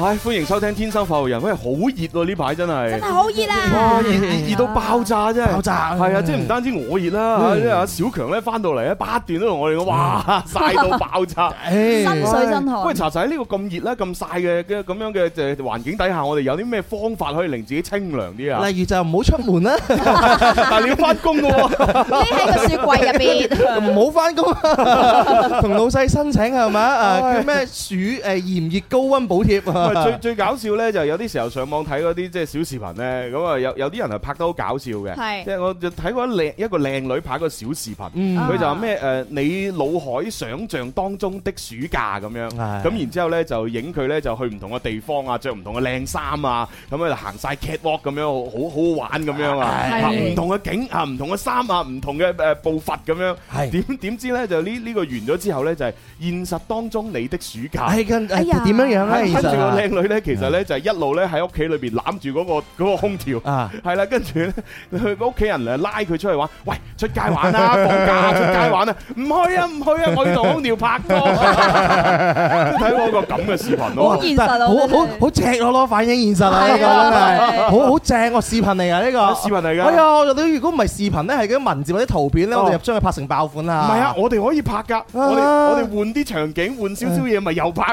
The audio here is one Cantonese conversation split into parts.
係，歡迎收聽天生發育人。喂，好熱喎呢排真係，真係好熱啦！哇，熱熱到爆炸真係，爆炸係啊！即係唔單止我熱啦，即係小強咧翻到嚟咧，八段都同我哋講，哇，曬到爆炸！心水真好。喂，查實喺呢個咁熱啦、咁曬嘅嘅咁樣嘅環境底下，我哋有啲咩方法可以令自己清涼啲啊？例如就唔好出門啦，但係你要翻工嘅喎，匿喺個雪櫃入邊，唔好翻工，同老細申請係咪叫咩暑誒炎熱高溫補貼。最最搞笑咧，就有啲時候上網睇嗰啲即係小視頻咧，咁啊有有啲人啊拍得好搞笑嘅。即係是我就睇過一靚一個靚女拍個小視頻，佢、嗯、就話咩誒你腦海想像當中的暑假咁樣，咁是然之後咧就影佢咧就去唔同嘅地方啊，着唔同嘅靚衫啊，咁啊行晒 catwalk 咁樣好好好玩咁樣啊，唔同嘅景啊，唔同嘅衫啊，唔同嘅誒步伐咁樣，點點知咧就呢呢個完咗之後咧就係現實當中你的暑假，哎呀點樣樣咧？哎呀靚女咧，其實咧就係一路咧喺屋企裏邊攬住嗰個個空調，係啦，跟住咧，佢屋企人嚟拉佢出去玩。喂，出街玩啊！放假出街玩啊！唔去啊，唔去啊，我要同空調拍拖。睇過個咁嘅視頻咯，好現實咯，好好好正咯咯，反映現實啊呢個真係，好好正個視頻嚟啊，呢個視頻嚟噶，哎呀，如果唔係視頻咧，係啲文字或者圖片咧，我哋入將佢拍成爆款啦，唔係啊，我哋可以拍噶，我哋我哋換啲場景，換少少嘢，咪又拍。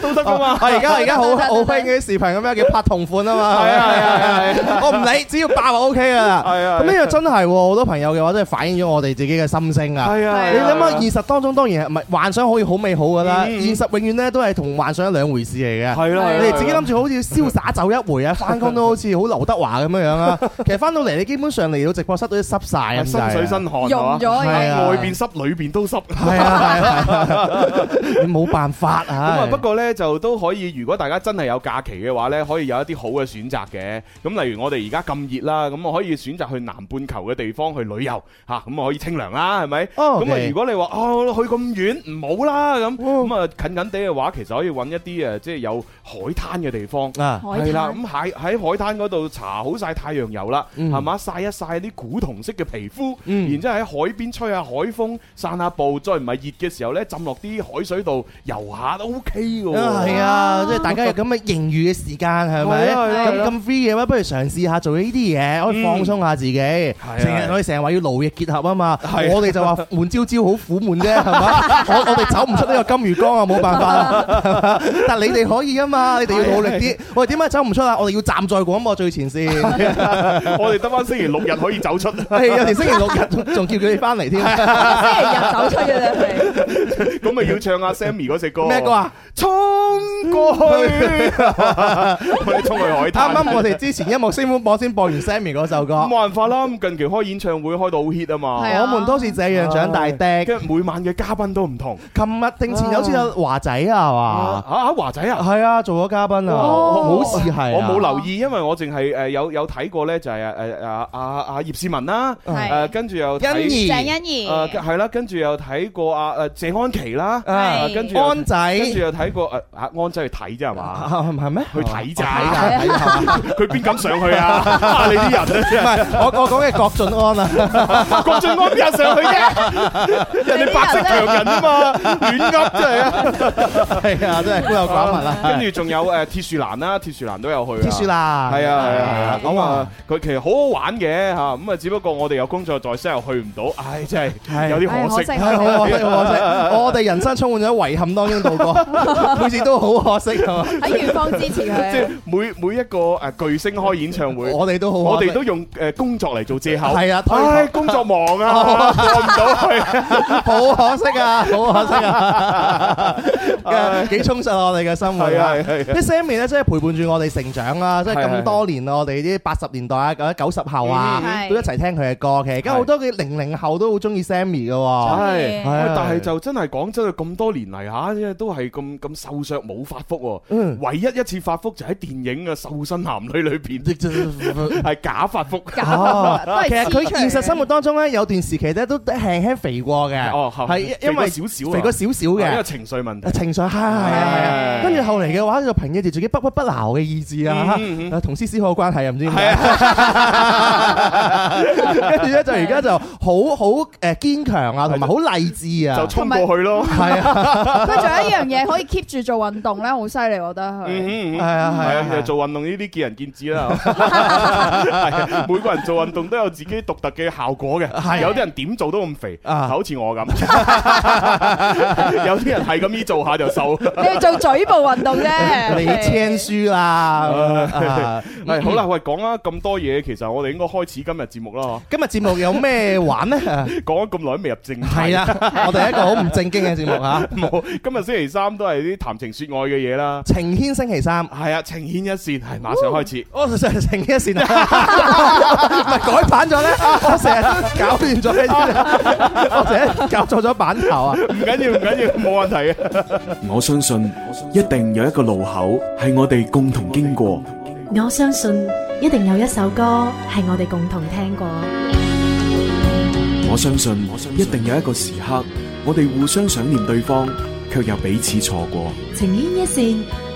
都得噶嘛！我而家而家好好興啲視頻咁樣，叫拍同款啊嘛！係啊係啊係！我唔理，只要爆就 O K 噶啦。係啊！咁呢個真係好多朋友嘅話，都係反映咗我哋自己嘅心聲啊！係啊！你諗下，現實當中當然係係幻想可以好美好噶啦，現實永遠咧都係同幻想兩回事嚟嘅。係咯，你自己諗住好似瀟灑走一回啊，翻工都好似好劉德華咁樣樣啊！其實翻到嚟，你基本上嚟到直播室都濕晒啊，身水身汗，融咗，外邊濕，裏邊都濕。係啊！冇辦法啊！咁啊、嗯，是不過呢就都可以，如果大家真係有假期嘅話呢，可以有一啲好嘅選擇嘅。咁、嗯、例如我哋而家咁熱啦，咁、嗯、我可以選擇去南半球嘅地方去旅遊嚇，咁、啊嗯、我可以清涼啦，係咪？咁啊，如果你話啊、哦、去咁遠唔好啦，咁咁啊近近地嘅話，其實可以揾一啲誒，即係有海灘嘅地方啊，係灘啦。咁喺喺海灘嗰度搽好晒太陽油啦，係嘛、嗯？晒一晒啲古銅色嘅皮膚，嗯、然之後喺海邊吹下海風，散下步。再唔係熱嘅時候呢，浸落啲海水游下都 OK 噶喎，係啊，即係大家有咁嘅盈餘嘅時間，係咪？咁咁 free 嘅話，不如嘗試下做呢啲嘢，可以放鬆下自己。成日我哋成話要勞逸結合啊嘛，我哋就話悶朝朝好苦悶啫，係嘛？我我哋走唔出呢個金魚缸啊，冇辦法。但係你哋可以啊嘛，你哋要努力啲。我哋點解走唔出啊？我哋要站在廣播最前線。我哋得翻星期六日可以走出，有星期六日仲叫佢哋翻嚟添。星期日走出嘅，咁咪要唱下。Sammy 嗰隻歌咩歌啊？衝過去，我哋衝去海灘。啱啱我哋之前音樂先鋒榜播先播完 Sammy 嗰首歌。冇辦法啦，咁近期開演唱會開到好 hit 啊嘛。係啊，我們都是這樣長大的。跟住每晚嘅嘉賓都唔同。琴日定前有次有華仔啊，係嘛？啊啊華仔啊，係啊，做咗嘉賓啊，好似係。我冇留意，因為我淨係誒有有睇過咧，就係誒誒阿阿阿葉倩文啦，誒跟住又鄭欣宜，誒係啦，跟住又睇過阿誒謝安琪啦。跟住安仔，跟住又睇個誒阿安仔去睇啫，係嘛？係咪咩？去睇仔咋？佢邊敢上去啊？你啲人咧？唔係，我我講嘅郭晉安啊，郭晉安邊有上去啫？人哋白色強人啊嘛，軟急真係啊，係啊，真係孤陋寡聞啊！跟住仲有誒鐵樹蘭啦，鐵樹蘭都有去。鐵樹蘭係啊係啊，咁啊，佢其實好好玩嘅嚇咁啊，只不過我哋有工作在身又去唔到，唉，真係有啲可惜。可可惜，我哋人生充滿咗。遺憾當中度過，每次都好可惜。喺遠方支持佢。即係每每一個誒巨星開演唱會，我哋都好，我哋都用誒工作嚟做藉口。係啊，唉，工作忙啊，過唔到去，好可惜啊，好可惜啊，幾充實啊！我哋嘅生活啊，啲 Sammy 咧真係陪伴住我哋成長啊，即係咁多年啦，我哋啲八十年代啊，九九十後啊，都一齊聽佢嘅歌。其實而家好多嘅零零後都好中意 Sammy 㗎喎。係，但係就真係講真，佢咁多年，嚟吓，即都係咁咁瘦削，冇發福。唯一一次發福就喺電影《啊瘦身男女》裏邊，係假發福。哦，其實佢現實生活當中咧，有段時期咧都輕輕肥過嘅，係因為少少肥過少少嘅，呢個情緒問題。情緒係係係。跟住後嚟嘅話，就憑藉住自己不屈不撓嘅意志啦，同思思好嘅關係唔知。跟住咧就而家就好好誒堅強啊，同埋好勵志啊，就衝過去咯，係啊！佢仲有一樣嘢可以 keep 住做運動咧，好犀利，我覺得佢。嗯嗯嗯，係啊係啊，做運動呢啲見仁見智啦。係，每個人做運動都有自己獨特嘅效果嘅。係，有啲人點做都咁肥，係好似我咁。有啲人係咁依做下就瘦。你做嘴部運動啫，你聽書啦。係，好啦，喂，講啊，咁多嘢，其實我哋應該開始今日節目咯。今日節目有咩玩咧？講咗咁耐都未入正題。係啊，我哋一個好唔正經嘅節目啊。今日星期三都係啲談情說愛嘅嘢啦，情牽星期三係啊，情牽一線係馬上開始，我成日情牽一線，唔係改版咗咧，我成日都搞亂咗嘅，或者搞錯咗版頭啊？唔緊要，唔緊要，冇問題嘅。我相信一定有一個路口係我哋共同經過，我相信一定有一首歌係我哋共同聽過，我相信一定有一個時刻，我哋互相想念對方，卻又彼此錯過。情牽一線，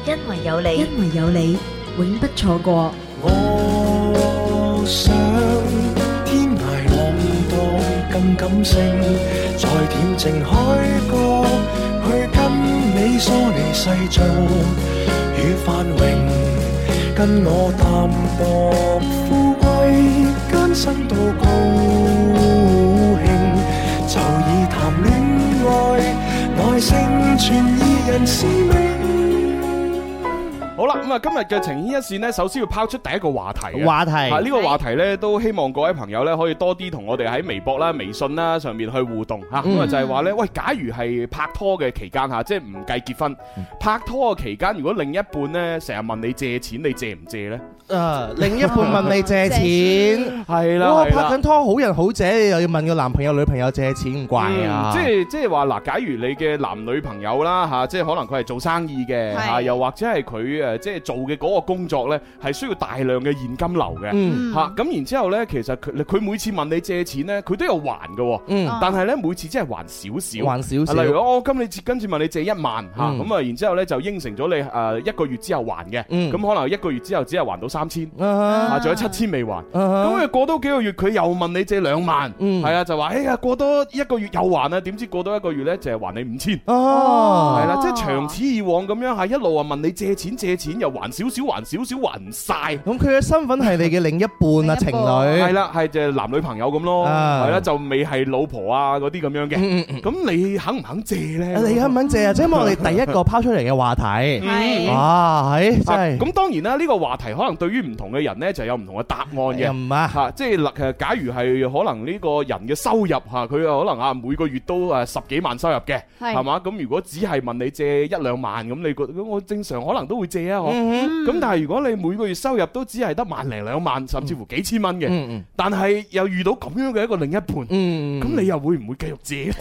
因為有你，因為有你，永不錯過。我想天涯浪蕩更感性，在恬靜海角去跟你疏離世俗與繁榮，跟我淡薄。富貴，艱辛度過。成全二人滋味。好啦，咁啊，今日嘅情牽一線呢，首先要拋出第一個話題。話題啊，呢個話題呢，都希望各位朋友呢，可以多啲同我哋喺微博啦、微信啦上面去互動吓。咁啊，就係話呢，喂，假如係拍拖嘅期間吓，即係唔計結婚，拍拖嘅期間，如果另一半呢，成日問你借錢，你借唔借呢？啊，另一半問你借錢，係啦，拍緊拖好人好姐，又要問個男朋友、女朋友借錢，唔怪啊。即係即係話嗱，假如你嘅男女朋友啦吓，即係可能佢係做生意嘅，又或者係佢誒。即係做嘅嗰個工作呢，係需要大量嘅現金流嘅，吓，咁然之後咧，其實佢佢每次問你借錢呢，佢都有還嘅。但係呢，每次只係還少少，例如我今次跟住問你借一萬吓，咁啊然之後咧就應承咗你誒，一個月之後還嘅，咁可能一個月之後只係還到三千，仲有七千未還，咁啊過多幾個月佢又問你借兩萬，係啊就話哎呀過多一個月又還啊。點知過多一個月呢，就係還你五千，係啦，即係長此以往咁樣係一路啊問你借錢借，錢又還少少，還少少，還晒。咁佢嘅身份係你嘅另一半啊，情侶係啦，係就男女朋友咁咯，係啦，就未係老婆啊嗰啲咁樣嘅。咁你肯唔肯借呢？你肯唔肯借啊？即係我哋第一個拋出嚟嘅話題係啊，係咁，當然啦，呢個話題可能對於唔同嘅人呢，就有唔同嘅答案嘅吓，即係誒，假如係可能呢個人嘅收入吓，佢可能啊每個月都啊十幾萬收入嘅，係嘛咁，如果只係問你借一兩萬咁，你覺咁我正常可能都會借。咁但係如果你每個月收入都只係得萬零兩萬，甚至乎幾千蚊嘅，但係又遇到咁樣嘅一個另一半，咁你又會唔會繼續借？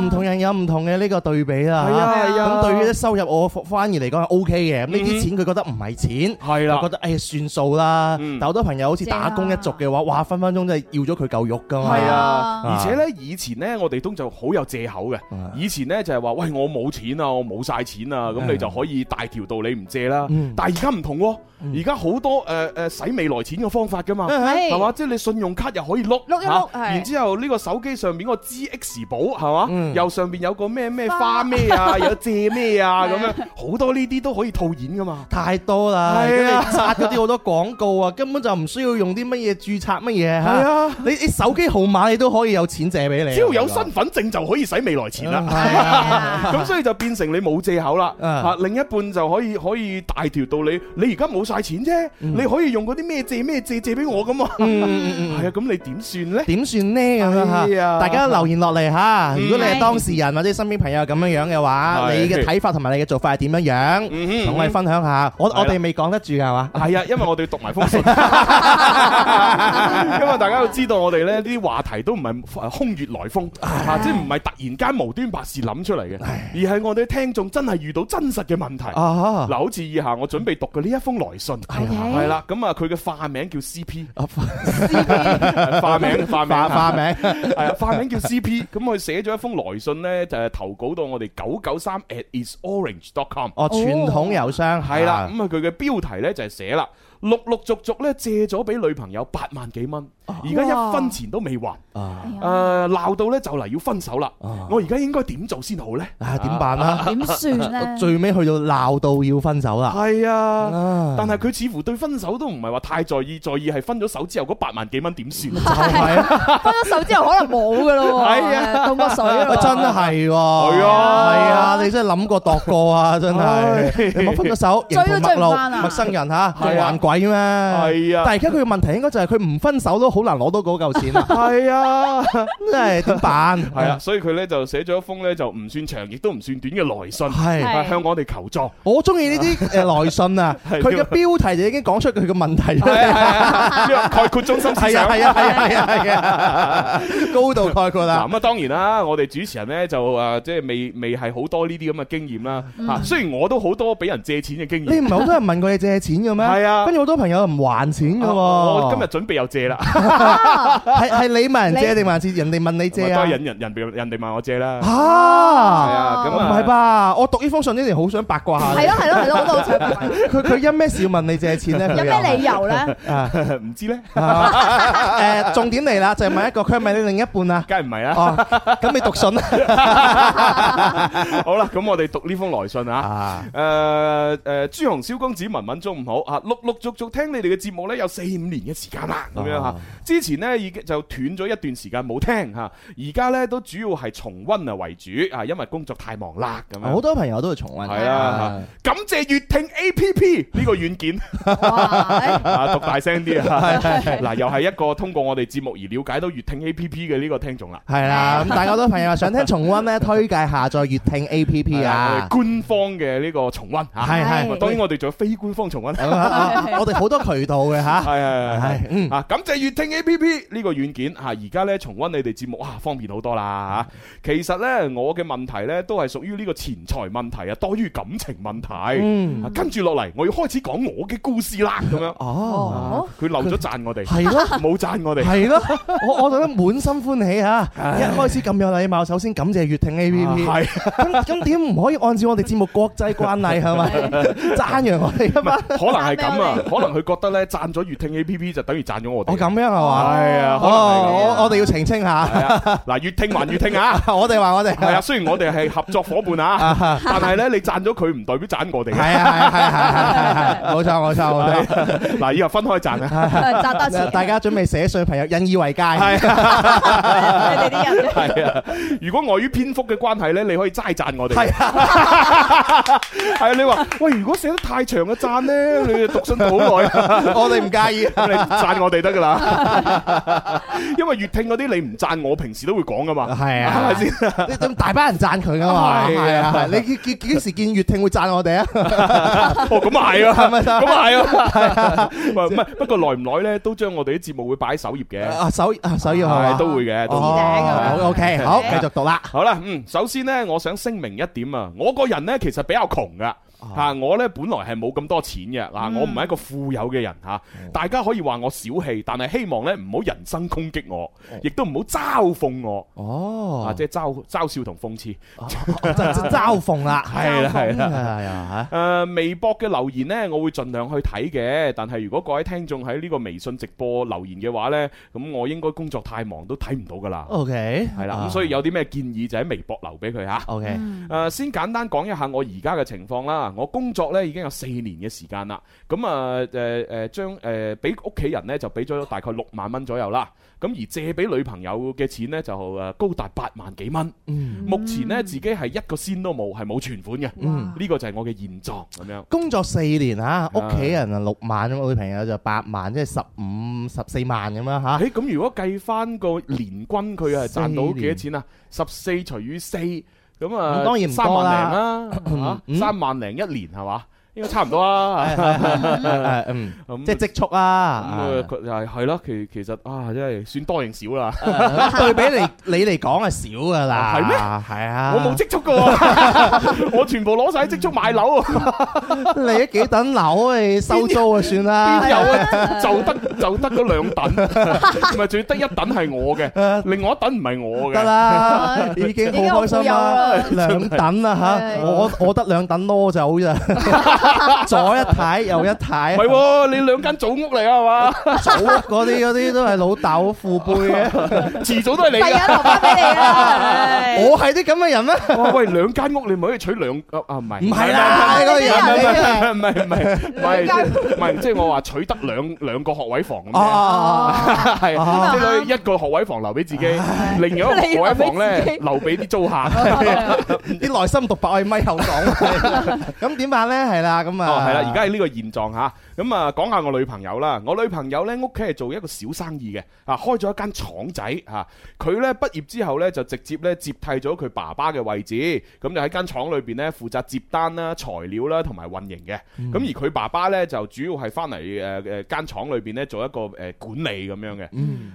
唔同人有唔同嘅呢個對比啊，係啊。咁對於啲收入，我反而嚟講係 OK 嘅。呢啲錢佢覺得唔係錢，係啦，覺得誒算數啦。但好多朋友好似打工一族嘅話，哇，分分鐘真係要咗佢嚿肉㗎嘛。啊。而且呢，以前呢，我哋都就好有借口嘅。以前呢，就係話喂，我冇錢啊，我冇晒錢啊，咁你就可以大條。道理唔借啦，但係而家唔同，而家好多誒誒使未來錢嘅方法㗎嘛，係嘛？即係你信用卡又可以碌碌一碌，然之後呢個手機上邊個 GX 寶，係嘛？又上邊有個咩咩花咩啊？有借咩啊？咁樣好多呢啲都可以套現㗎嘛！太多啦，係啊！你刷嗰啲好多廣告啊，根本就唔需要用啲乜嘢註冊乜嘢，係啊！你你手機號碼你都可以有錢借俾你，只要有身份證就可以使未來錢啦。咁所以就變成你冇借口啦，吓另一半就可以，可以可以大條道理，你而家冇晒錢啫，你可以用嗰啲咩借咩借借俾我咁啊？係啊，咁你點算咧？點算咧？大家留言落嚟吓，如果你係當事人或者身邊朋友咁樣樣嘅話，你嘅睇法同埋你嘅做法係點樣樣？同我哋分享下。我我哋未講得住嘅係嘛？係啊，因為我哋要讀埋封信，因為大家都知道我哋咧呢啲話題都唔係空穴來風，即係唔係突然間無端白事諗出嚟嘅，而係我哋聽眾真係遇到真實嘅問題。嗱，好似以下我準備讀嘅呢一封來信，係啦、啊，咁啊佢嘅化名叫 CP，化名化名化名，係啊， 化名叫 CP，咁佢寫咗一封來信咧，就係投稿到我哋九九三 at is orange dot com，哦，傳統郵箱，係啦、哦，咁了啊佢嘅、嗯、標題咧就係寫啦。陸陸續續咧借咗俾女朋友八萬幾蚊，而家一分錢都未還，誒鬧到咧就嚟要分手啦！我而家應該點做先好咧？啊點辦啦？點算咧？最尾去到鬧到要分手啦！係啊，但係佢似乎對分手都唔係話太在意，在意係分咗手之後嗰八萬幾蚊點算？就係分咗手之後可能冇噶咯，痛過水啊！真係喎，係啊，係啊，你真係諗過度過啊！真係，你冇分咗手，追都追唔返，陌陌陌陌生人吓，還過。係咩？係啊！但係而家佢嘅問題應該就係佢唔分手都好難攞到嗰嚿錢啊！係啊，即係點辦？係啊，所以佢咧就寫咗一封咧就唔算長，亦都唔算短嘅來信，係向我哋求助。我中意呢啲誒來信啊！佢嘅標題就已經講出佢嘅問題啦，概括中心思想，係啊，係啊，係啊，高度概括啦。咁啊，當然啦，我哋主持人咧就誒，即係未未係好多呢啲咁嘅經驗啦。吓，雖然我都好多俾人借錢嘅經驗，你唔係好多人問過你借錢嘅咩？係啊，好多朋友唔還錢㗎喎，今日準備又借啦，係係，你問人借定還是人哋問你借啊？都係引人人人哋問我借啦，係啊咁啊唔係吧？我讀呢封信之前好想八卦下，係咯係咯係咯，我都好想。佢佢因咩事要問你借錢咧？有咩理由咧？唔知咧。誒重點嚟啦，就係問一個，佢係咪你另一半啊？梗係唔係啦？咁你讀信啦。好啦，咁我哋讀呢封來信啊。誒誒，朱紅蕭公子文文中唔好啊，碌碌中。繼續聽你哋嘅節目呢，有四五年嘅時間啦，咁樣吓。之前呢已經就斷咗一段時間冇聽吓，而家呢，都主要係重溫啊為主啊，因為工作太忙啦咁樣。好多朋友都係重溫。係啊，感謝粵聽 A P P 呢個軟件。讀大聲啲啊！嗱，又係一個通過我哋節目而了解到粵聽 A P P 嘅呢個聽眾啦。係啦，咁大家好多朋友想聽重溫呢，推介下載粵聽 A P P 啊，官方嘅呢個重溫。係係，當然我哋仲有非官方重溫。我哋好多渠道嘅吓，係係係，嗯啊，感謝閱聽 A P P 呢個軟件吓，而家咧重温你哋節目啊，方便好多啦吓。其實咧，我嘅問題咧都係屬於呢個錢財問題啊，多於感情問題。嗯，跟住落嚟，我要開始講我嘅故事啦，咁樣。哦，佢漏咗讚我哋，係咯，冇讚我哋，係咯。我我覺得滿心歡喜啊！一開始咁有禮貌，首先感謝閱聽 A P P，係咁咁點唔可以按照我哋節目國際慣例係咪？讚揚我哋啊嘛，可能係咁啊。可能佢覺得咧，贊咗粵聽 A P P 就等於贊咗我哋。我咁樣係嘛？係啊，哦，我我哋要澄清下。嗱，粵聽還粵聽啊！我哋話我哋係啊。雖然我哋係合作伙伴啊，但係咧，你贊咗佢唔代表贊我哋。係啊係啊係係係係，冇錯冇錯。嗱，以後分開贊啊！賺多錢，大家準備寫信，朋友引以為戒。係啊，你啊。如果礙於篇幅嘅關係咧，你可以齋贊我哋。係啊，你話喂，如果寫得太長嘅贊咧，你讀信我我哋唔介意，你贊我哋得噶啦，因為粵聽嗰啲你唔贊，我平時都會講噶嘛，係啊，係咪先？你大班人贊佢噶嘛，係啊，你幾幾幾時見粵聽會贊我哋啊？哦，咁啊係啊，係咪先？咁啊係啊，唔係唔係，不過耐唔耐咧，都將我哋啲節目會擺喺首頁嘅，啊首啊首頁係都會嘅，都會，好 OK，好繼續讀啦，好啦，嗯，首先咧，我想聲明一點啊，我個人咧其實比較窮噶。吓我咧本來係冇咁多錢嘅，嗱我唔係一個富有嘅人吓，大家可以話我小氣，但係希望咧唔好人身攻擊我，亦都唔好嘲諷我。哦，啊即係嘲嘲笑同諷刺，嘲諷啦，係啦係啦，吓誒，微博嘅留言呢，我會盡量去睇嘅，但係如果各位聽眾喺呢個微信直播留言嘅話咧，咁我應該工作太忙都睇唔到噶啦。OK，係啦，咁所以有啲咩建議就喺微博留俾佢吓。OK，誒先簡單講一下我而家嘅情況啦。我工作咧已經有四年嘅時間啦，咁啊誒誒將誒俾屋企人咧就俾咗大概六萬蚊左右啦，咁而借俾女朋友嘅錢咧就誒高達八萬幾蚊。嗯、目前咧自己係一個仙都冇，係冇存款嘅。呢、嗯、個就係我嘅現狀咁、嗯、樣。工作四年嚇，屋企人啊六萬，女的朋友就八萬，即係十五十四萬咁樣嚇。誒、啊、咁、欸、如果計翻個年均佢係賺到幾多錢啊？十四年除以四。咁啊、嗯，當然唔多三萬零啦，嚇、 啊，三萬零一年係嘛？嗯應該差唔多啦，嗯，咁即係積蓄啊，係係咯，其其實啊，真係算多定少啦。對比嚟你嚟講係少噶啦，係咩？係啊，我冇積蓄噶，我全部攞晒啲積蓄買樓。你幾等樓你收租就算啦，邊有啊？就得就得嗰兩等，唔係最得一等係我嘅，另外一等唔係我嘅。得啦，已經好開心啦，兩等啊吓，我我得兩等攞走咋？左一太，右一太，唔係喎，你兩間祖屋嚟啊嘛？祖屋嗰啲嗰啲都係老豆父輩嘅，遲早都係你。係啊，留翻俾你。我係啲咁嘅人咩？我喂，兩間屋你唔可以取兩啊？唔係，唔係啦，嗰樣嘢。唔係唔係，唔係唔係，即係我話取得兩兩個學位房咁樣。哦，係，即係一個學位房留俾自己，另一個學位房咧留俾啲租客，啲內心讀白我嘅咪口講。咁點辦咧？係啦。啊，咁啊、嗯，係啦，而家係呢個現狀吓，咁啊，講下我女朋友啦。我女朋友呢，屋企係做一個小生意嘅，啊，開咗一間廠仔吓。佢呢畢業之後呢，就直接呢接替咗佢爸爸嘅位置，咁就喺間廠裏邊呢，負責接單啦、材料啦同埋運營嘅。咁、嗯、而佢爸爸呢，就主要係翻嚟誒誒間廠裏邊呢做一個誒管理咁樣嘅。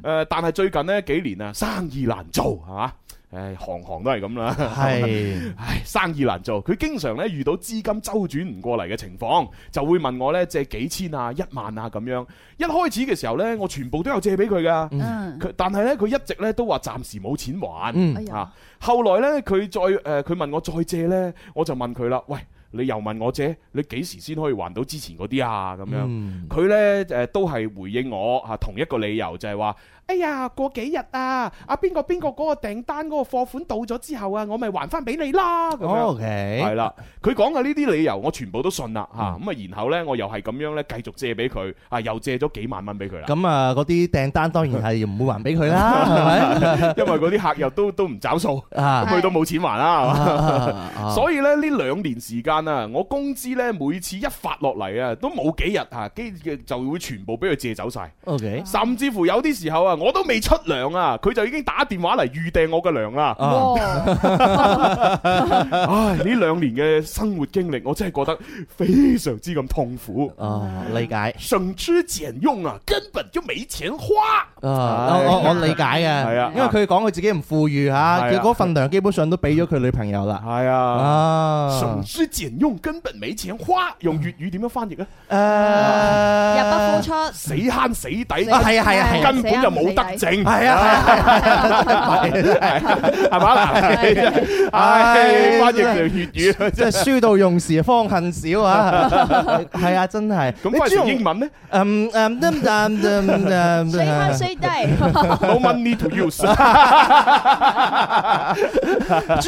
誒，但係最近呢幾年啊，生意難做，係嘛？唉、哎，行行都係咁啦。係，唉，生意難做。佢經常咧遇到資金周轉唔過嚟嘅情況，就會問我咧借幾千啊、一萬啊咁樣。一開始嘅時候咧，我全部都有借俾佢噶。嗯。佢但係咧，佢一直咧都話暫時冇錢還。嗯。啊。後來咧，佢再誒，佢問我再借咧，我就問佢啦，喂。你又問我借，你幾時先可以還到之前嗰啲啊？咁樣佢呢誒都係回應我嚇同一個理由，就係話：哎呀，過幾日啊，阿邊個邊個嗰個訂單嗰個貨款到咗之後啊，我咪還翻俾你啦。咁樣，OK，係啦，佢講嘅呢啲理由我全部都信啦嚇。咁啊，然後呢，我又係咁樣呢，繼續借俾佢，啊又借咗幾萬蚊俾佢啦。咁啊，嗰啲訂單當然係唔會還俾佢啦，因為嗰啲客又都都唔找數，佢都冇錢還啦，所以呢，呢兩年時間。啊！我工資咧每次一發落嚟啊，都冇幾日吓，基就會全部俾佢借走晒。O K，甚至乎有啲時候啊，我都未出糧啊，佢就已經打電話嚟預訂我嘅糧啦。唉，呢兩年嘅生活經歷，我真係覺得非常之咁痛苦。哦，理解，省吃儉用啊，根本就沒錢花。哦，我我理解啊，係啊，因為佢講佢自己唔富裕吓，佢嗰份糧基本上都俾咗佢女朋友啦。係啊，省吃儉。用根本冇錢，花用粵語點樣翻譯啊？誒入不敷出，死慳死抵。係啊係啊，根本就冇得整。係啊，係係係，係嘛嗱？唉，翻譯成粵語，即係書到用時方恨少啊！係啊，真係。咁朱融英文呢？嗯嗯，dum dum dum，朱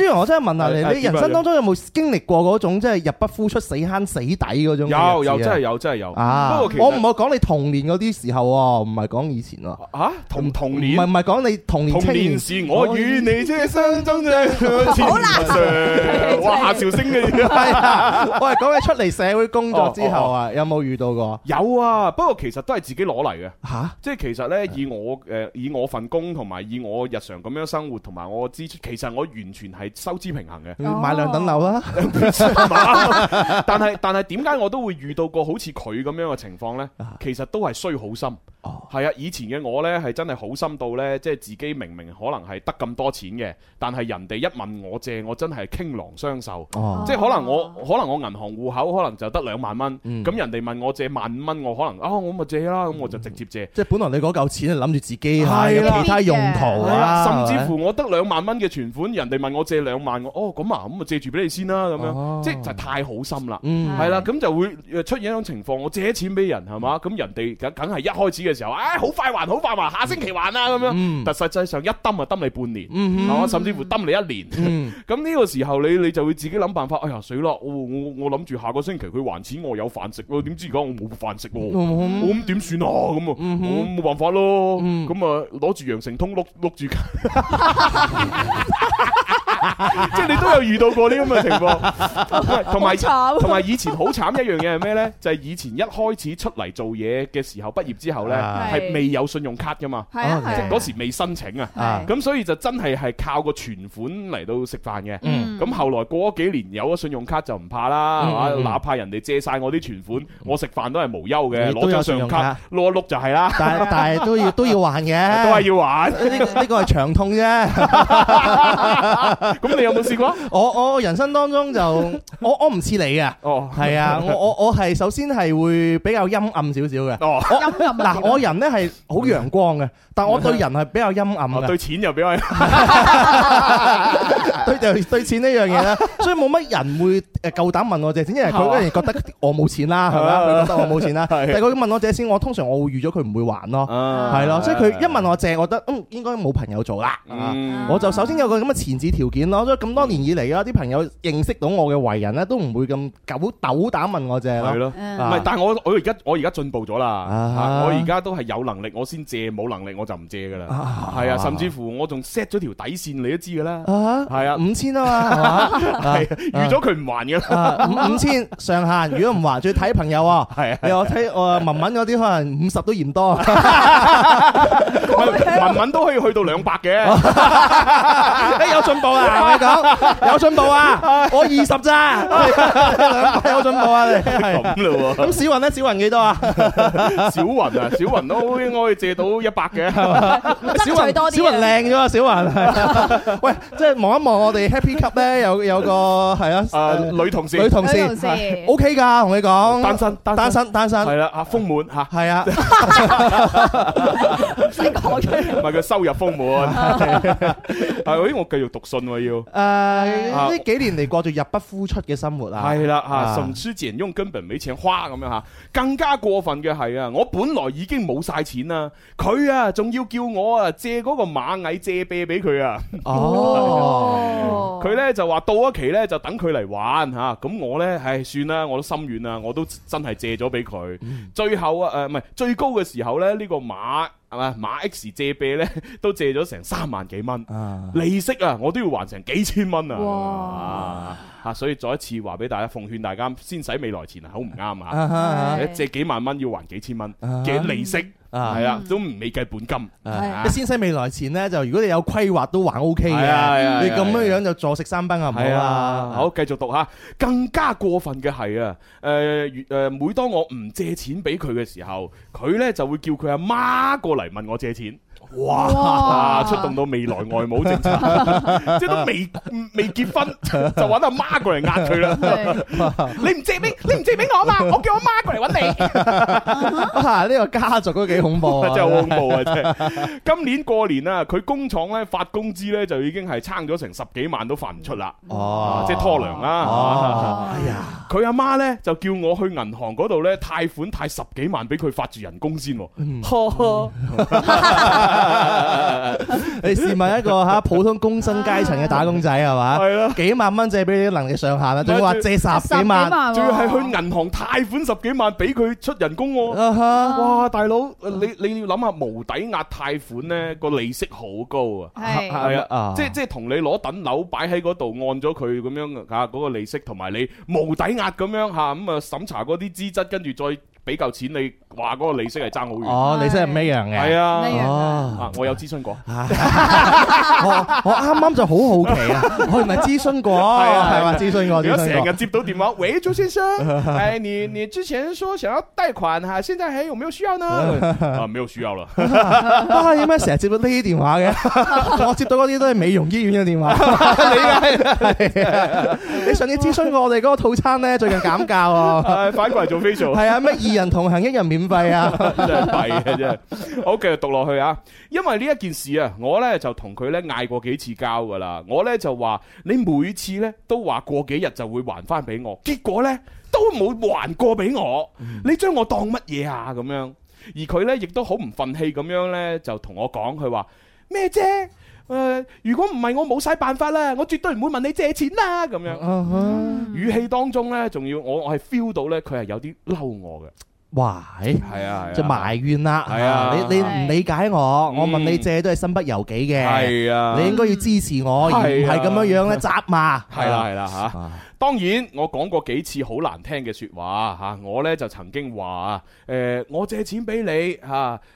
融，我真係問下你，你人生當中有冇經歷過嗰種即係入不敷出，死慳死抵嗰種。有真有真係有真係有啊！不過其實我唔好講你童年嗰啲時候喎，唔係講以前咯。吓同、啊、童年唔係唔係講你童年，年童年時，我與你即係相爭啫。好啦，華少升嘅，係啊，喂，講緊出嚟社會工作之後啊，啊有冇遇到過？有啊，不過其實都係自己攞嚟嘅。吓、啊，即係其實咧，以我誒、呃，以我份工同埋以，以我日常咁樣生活同埋我支出，其實我完全係收支平衡嘅。啊、買兩等樓啦。 但係但係點解我都會遇到個好似佢咁樣嘅情況呢？其實都係衰好心，係、oh. 啊！以前嘅我呢係真係好心到呢，即係自己明明可能係得咁多錢嘅，但係人哋一問我借，我真係傾囊相授，即係可能我可能我銀行戶口可能就得兩萬蚊，咁、嗯、人哋問我借萬五蚊，我可能啊、哦、我咪借啦，咁我就直接借。嗯、即係本來你嗰嚿錢諗住自己係、啊啊、其他用途啊，甚至乎我得兩萬蚊嘅存款，人哋問我借兩萬，我哦咁啊咁啊借住俾你先啦、啊、咁樣，oh. 即太好心啦，係啦、嗯，咁就會出現一種情況，我借錢俾人係嘛，咁人哋梗梗係一開始嘅時候，哎，好快還，好快還、啊，下星期還啊咁樣，嗯、但實際上一抌啊抌你半年，係嘛、嗯哼，甚至乎抌你一年，咁呢、嗯、哼 個時候你你就會自己諗辦法，哎呀，死咯，我我諗住下個星期佢還錢我有飯食喎，點知而家我冇飯食喎，我咁點算啊咁啊，嗯、哼我冇辦法咯，咁啊，攞住羊城通碌碌住。即係你都有遇到過呢咁嘅情況，同埋同埋以前好慘一樣嘢，係咩呢？就係以前一開始出嚟做嘢嘅時候，畢業之後呢，係未有信用卡噶嘛，即係嗰時未申請啊，咁所以就真係係靠個存款嚟到食飯嘅。咁後來過咗幾年有咗信用卡就唔怕啦，哪怕人哋借晒我啲存款，我食飯都係無憂嘅，攞張信用卡碌一碌就係啦。但係但係都要都要還嘅，都係要還呢，呢個係長痛啫。咁 你有冇試過？我我人生當中就 我我唔似你嘅，係 啊，我我我係首先係會比較陰暗少少嘅，陰、哦哦、陰暗嗱，我人咧係好陽光嘅，但我對人係比較陰暗嘅、啊，對錢又比較。 對就對錢呢樣嘢啦，所以冇乜人會誒夠膽問我借錢，因為佢當然覺得我冇錢啦，係咪啊？覺得我冇錢啦，但係佢問我借錢，我通常我會預咗佢唔會還咯，係咯。所以佢一問我借，我覺得嗯應該冇朋友做啦。我就首先有個咁嘅前置條件咯。咁多年以嚟啊，啲朋友認識到我嘅為人咧，都唔會咁狗抖膽問我借咯。唔係，但係我我而家我而家進步咗啦。我而家都係有能力，我先借，冇能力我就唔借㗎啦。係啊，甚至乎我仲 set 咗條底線，你都知㗎啦。係啊。五千啊嘛，係預咗佢唔還嘅啦，啊。五五千上限，如果唔還，仲要睇朋友。係啊，的我睇我文文嗰啲可能五十都嫌多。文文都可以去到兩百嘅、 欸，有進步啦，你講有進步啊，步啊 我二十咋？ 有進步啊你。咁咯，咁小云咧？小云幾多啊， 雲啊？小云啊，小云都應該可以借到一百嘅，小云多小云靚咗啊，小云 喂，即係望一望。我哋 Happy Cup 咧，有有個係啊，誒女同事，女同事，O K 噶，同你講，單身，單身，單身，係啦，啊，豐滿，吓，係啊，唔係佢收入豐滿，係，誒，我繼續讀信喎要，誒，呢幾年嚟，過咗入不敷出嘅生活啊，係啦，啊，神出自然，用根本冇錢花咁樣吓，更加過分嘅係啊，我本來已經冇晒錢啦，佢啊仲要叫我啊借嗰個螞蟻借唄俾佢啊，哦。佢、哦、呢就話到一期呢，就等佢嚟還吓，咁、啊、我呢，唉，算啦，我都心軟啦，我都真係借咗俾佢。最後啊誒唔係最高嘅時候呢，呢、呢個馬係嘛馬 X 借唄呢，都借咗成三萬幾蚊，啊、利息啊我都要還成幾千蚊啊吓哇、啊，所以再一次話俾大家奉勸大家，先使未來錢啊，好唔啱啊！是借幾萬蚊要還幾千蚊嘅利息。嗯啊，係啊，都唔未計本金。啊，的先使未來錢，咧，就如果你有規劃都還 O K 嘅。你咁樣樣就坐食山崩啊，唔好啦。好，繼續讀下。更加過分嘅係啊，誒，誒，每當我唔借錢俾佢嘅時候，佢咧就會叫佢阿媽過嚟問我借錢。哇！出動到未來外母直插，即係都未未結婚就搵阿媽過嚟壓佢啦。你唔借俾你唔借俾我啊嘛，我叫我媽過嚟搵你。呢、這個家族都幾恐怖，是真係好恐怖啊！即係。今年過年啊，佢工廠咧發工資咧就已經係撐咗成十幾萬都發唔出啦。哦，即係拖糧啦。哦呀，佢阿媽咧就叫我去銀行嗰度咧貸款貸十幾萬俾佢發住人工先。呵呵。嗯嗯 你試問一個吓普通工薪階層嘅打工仔係嘛？係咯，的幾萬蚊借俾你能力上限啦，仲話是要借十幾萬，仲、啊、要係去銀行貸款十幾萬俾佢出人工哦、啊。Uh huh. 哇，大佬、uh huh.，你你要諗下無抵押貸款咧個利息好高啊！係啊，即係即係同你攞等樓擺喺嗰度按咗佢咁樣啊，嗰個利息同埋你無抵押咁樣吓咁啊，審查嗰啲資質，跟住再俾嚿錢你話嗰個利息係爭好遠，哦！利息係咩樣嘅？係啊，哦，我有諮詢過，我啱啱就好好奇啊！我唔係諮詢過，係啊，諮詢過。你要成日接到電話？喂，朱先生，係你你之前說想要貸款嚇，現在係有冇需要呢？啊，冇需要啦。點解成日接到呢啲電話嘅？我接到嗰啲都係美容醫院嘅電話。你嘅你上次諮詢過我哋嗰個套餐咧，最近減價喎。係反過嚟做 facial。係啊，乜？人同行，一人免費啊！ 真係弊嘅，真係。好，繼續讀落去啊！因為呢一件事啊，我呢就同佢呢嗌過幾次交噶啦。我呢就話你每次呢都話過幾日就會還翻俾我，結果呢都冇還過俾我。你將我當乜嘢啊？咁樣。而佢呢亦都好唔憤氣咁樣呢，就同我講，佢話咩啫？誒、呃，如果唔係我冇晒辦法啦，我絕對唔會問你借錢啦。咁樣、uh huh. 語氣當中呢，仲要我我係 feel 到呢，佢係有啲嬲我嘅。哇！哎，係啊，就埋怨啦，係啊，你你唔理解我，我問你借都係身不由己嘅，係啊，你應該要支持我，而唔係咁樣樣咧責罵，係啦係啦吓。當然，我講過幾次好難聽嘅說話吓，我呢就曾經話誒、呃，我借錢俾你吓，誒、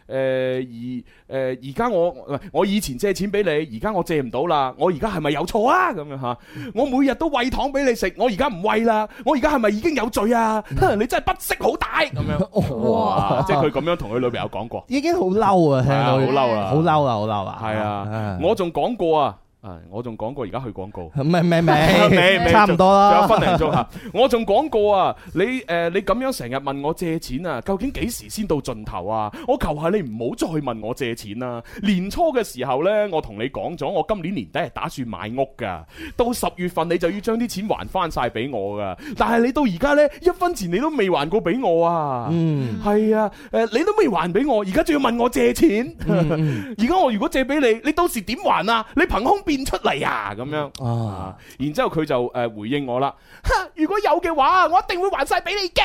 呃、而誒而家我我以前借錢俾你，而家我借唔到啦，我而家係咪有錯啊？咁樣吓，我每日都喂糖俾你食，我而家唔喂啦，我而家係咪已經有罪啊？嗯、 你真係不識好歹咁樣，哇！哇即係佢咁樣同佢女朋友講過，已經好嬲啊，聽到好嬲啦，好嬲啊，好嬲啊，係啊，我仲講過啊。誒、嗯，我仲講過，而家去廣告，未未未未未，沒沒沒差唔多啦，仲有分零鐘吓。我仲講過啊，你誒、呃，你咁樣成日問，啊、問我借錢啊，究竟幾時先到盡頭啊？我求下你唔好再問我借錢啦。年初嘅時候呢，我同你講咗，我今年年底係打算買屋噶，到十月份你就要將啲錢還翻晒俾我噶。但係你到而家呢，一分錢你都未還過俾我啊。嗯，係啊，誒、呃，你都未還俾我，而家仲要問我借錢。而 家我如果借俾你，你到時點還啊？你憑空？ 變出嚟啊，咁樣，然之後佢就誒回應我啦。 如果有嘅話，我一定會還晒俾你嘅。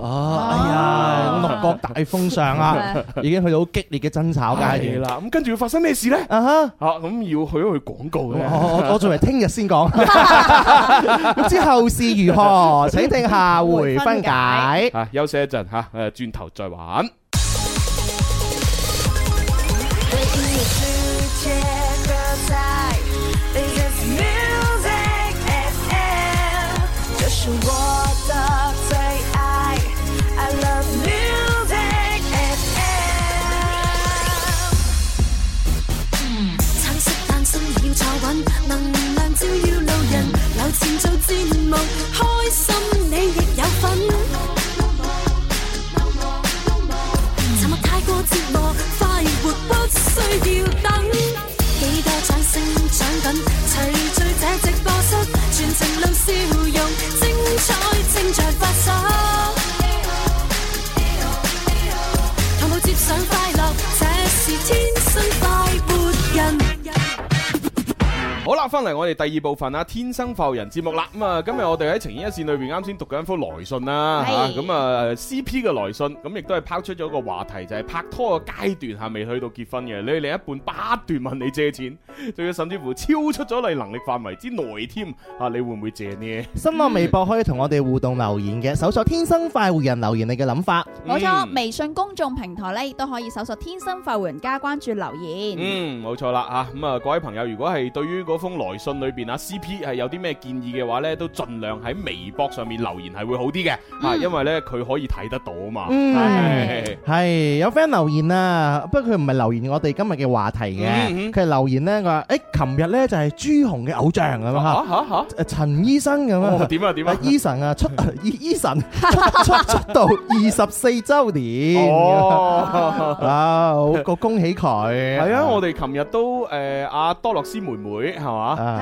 啊、哎呀， 六國大封相啊，是的 已經去到激烈嘅爭吵階段啦。咁跟住會發生咩事咧？啊哈啊，咁要去一去廣告，咁我作為聽日先講，不知後事如何，請聽下回分解。啊、休息一陣吓，誒，轉頭再玩。做節目，開心你亦有份。沉默太過折磨，快活不需要等。幾多掌聲掌緊，齊聚這直播室全程露笑容，精彩正在發生。好好好同步接上快樂，這是天生。好啦，翻嚟我哋第二部分啦、啊，天生快活人節目啦。咁、嗯、啊，今日我哋喺情意一線裏邊啱先讀緊一封來信啦、啊。咁是啊，啊，C P 嘅來信，咁、啊、亦都係拋出咗一個話題，就係拍拖嘅階段係未去到結婚嘅，你另一半不斷問你借錢，仲要甚至乎超出咗你能力範圍之內添。啊，你會唔會借呢？新浪微博可以同我哋互動留言嘅，搜索天生快活人留言你嘅諗法。冇錯，微信公眾平台呢亦都可以搜索天生快活人加關注留言。嗯，冇錯啦。啊，咁、嗯、啊，各位朋友，如果係對於嗰。封來信裏邊啊，C P 係有啲咩建議嘅話咧，都盡量喺微博上面留言係會好啲嘅，吓，因為咧佢可以睇得到啊嘛。係，係有 friend 留言啊，不過佢唔係留言我哋今日嘅話題嘅，佢係留言咧佢話誒，琴日咧就係朱紅嘅偶像啊嘛吓，吓陳醫生咁啊，點啊點啊，Eason 啊出 Eason 出出道二十四周年，啊好個恭喜佢，係啊，我哋琴日都誒阿多洛斯妹妹。係嘛？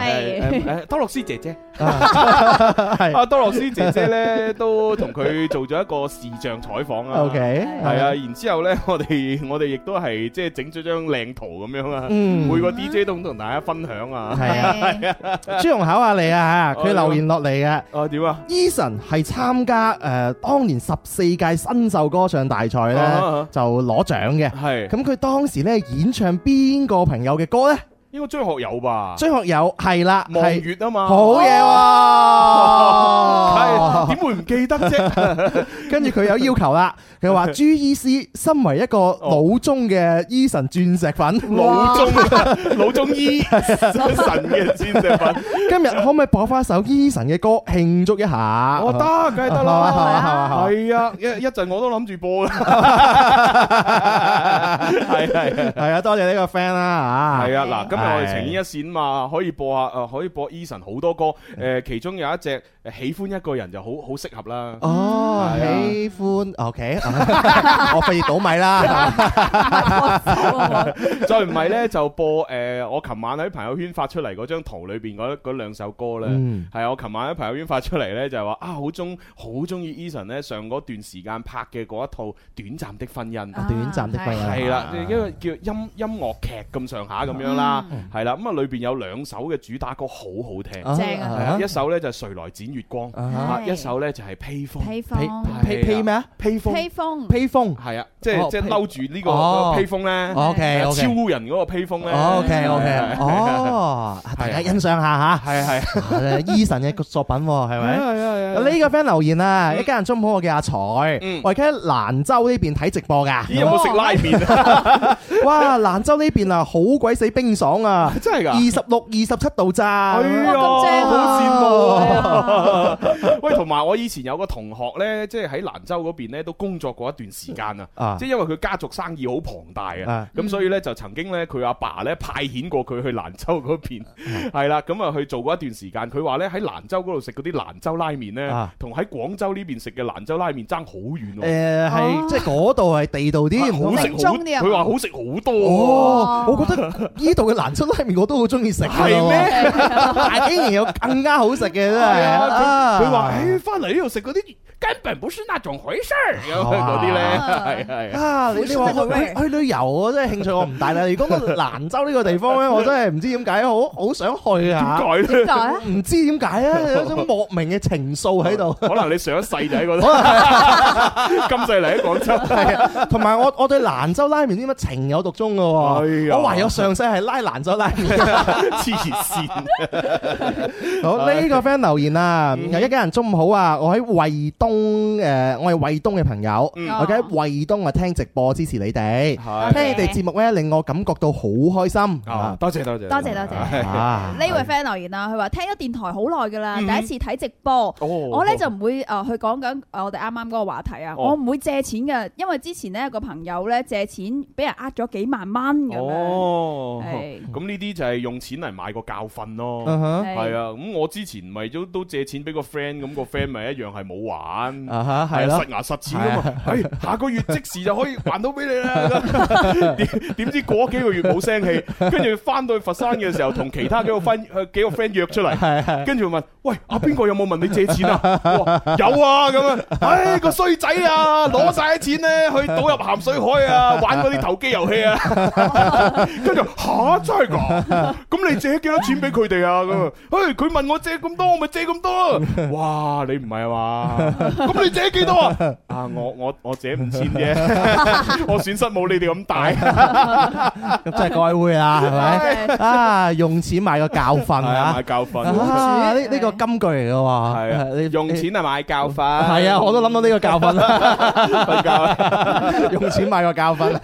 係多樂斯姐姐，係阿多樂斯姐姐咧，都同佢做咗一個視像採訪啊。OK，係啊，然之後咧，我哋我哋亦都係即係整咗張靚圖咁樣啊。嗯，每個 DJ 都同大家分享啊。係啊，係啊。朱紅考下你啊吓，佢留言落嚟嘅。哦，點啊？Eason 係參加誒當年十四屆新秀歌唱大賽咧，就攞獎嘅。係咁，佢當時咧演唱邊個朋友嘅歌咧？應該張學友吧？張學友係啦，望月啊嘛，好嘢喎！係點會唔記得啫？跟住，佢有要求啦，佢話朱醫師身為一個老中嘅醫神鑽石粉，老中老中醫神嘅鑽石粉，今日可唔可以播翻首醫神嘅歌慶祝一下？我得，梗係得啦，係啊，一一陣我都諗住播啦，係係係啊，多謝呢個 friend 啦，吓，係啊，嗱咁。我係情牽一線啊嘛，可以播下誒，可以播 Eason 好多歌，誒，其中有一隻。喜歡一個人就好好適合啦。哦，喜歡，OK，我費熱倒米啦。再唔係呢，就播誒，我琴晚喺朋友圈發出嚟嗰張圖裏邊嗰兩首歌呢，係我琴晚喺朋友圈發出嚟呢，就係話啊，好鍾好鍾意 Eason 呢上嗰段時間拍嘅嗰一套《短暫的婚姻》。短暫的婚姻係啦，因為叫音音樂劇咁上下咁樣啦，係啦，咁啊裏邊有兩首嘅主打歌好好聽，係一首呢就係《誰來剪》。月光，一首咧就係披風，披披咩啊？披風，披風，係啊，即係即係兜住呢個披風咧，超人嗰個披風咧，OK OK，哦，大家欣賞下吓，係係 Eason 嘅作品係咪？係啊係啊，呢個 friend 留言啊，一家人中午好，我叫阿財，我而家喺蘭州呢邊睇直播噶，依有冇食拉麵啊？哇，蘭州呢邊啊，好鬼死冰爽啊，真係噶，二十六二十七度咋，係啊，好羨慕喂，同埋我以前有個同學呢，即係喺蘭州嗰邊呢，都工作過一段時間啊。即係因為佢家族生意好龐大啊，咁所以呢，就曾經呢，佢阿爸呢，派遣過佢去蘭州嗰邊，係啦，咁啊去做過一段時間。佢話呢，喺蘭州嗰度食嗰啲蘭州拉麵呢，同喺廣州呢邊食嘅蘭州拉麵爭好遠。誒，係即係嗰度係地道啲，好食好佢話好食好多。我覺得呢度嘅蘭州拉麵我都好中意食。係咩？竟然有更加好食嘅真係。佢話誒，翻嚟呢度食嗰啲。根本不是那種回事。嗰啲咧係係啊！你你話去去旅遊，我真係興趣我唔大啦。如果到蘭州呢個地方咧，我真係唔知點解，好好想去啊！點解咧？唔知點解啊？有一種莫名嘅情愫喺度。可能你上一世就喺嗰度。今世嚟喺廣州。係啊。同埋我我對蘭州拉麵點解情有獨鍾嘅。哎我唯有上世係拉蘭州拉麵。黐線。好，呢個 friend 留言啊，有一家人中午好啊，我喺惠東。東誒，我係衛東嘅朋友，我喺衛東啊聽直播支持你哋，聽你哋節目咧令我感覺到好開心。多謝多謝多謝多謝。呢位 friend 留言啦，佢話聽咗電台好耐噶啦，第一次睇直播，我咧就唔會誒去講緊誒我哋啱啱嗰個話題啊，我唔會借錢噶，因為之前咧個朋友咧借錢俾人呃咗幾萬蚊咁樣，係咁呢啲就係用錢嚟買個教訓咯，係啊，咁我之前咪都都借錢俾個 friend，咁個 friend 咪一樣係冇還。啊哈係啦，實牙實齒噶嘛，對哎下個月即時就可以還到俾你啦。點點 知過咗幾個月冇聲氣，跟住翻到去佛山嘅時候，同其他幾個 friend 幾個 friend 約出嚟，跟住問喂阿邊個有冇問你借錢啊？有啊咁、哎、啊，唉，個衰仔啊，攞晒啲錢咧去倒入鹹水海啊，玩嗰啲投機遊戲啊，跟住吓真係噶，咁你借幾多錢俾佢哋啊？咁，哎佢問我借咁多，我咪借咁多。哇，你唔係啊嘛？ 咁你借幾多啊？啊，我我我借五千啫，我損失冇你哋咁大，咁真係該會啊，係咪？啊，用錢買個教訓啊，買教訓啊，呢呢個金句嚟嘅喎，係啊，用錢係買教訓，係啊，我都諗到呢個教訓啦，瞓覺啦，用錢買個教訓，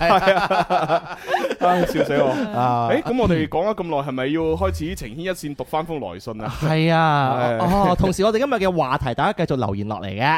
笑死我啊！誒，咁我哋講咗咁耐，係咪要開始晴天一線讀翻封來信啊？係啊，哦，同時我哋今日嘅話題，大家繼續留言落嚟嘅。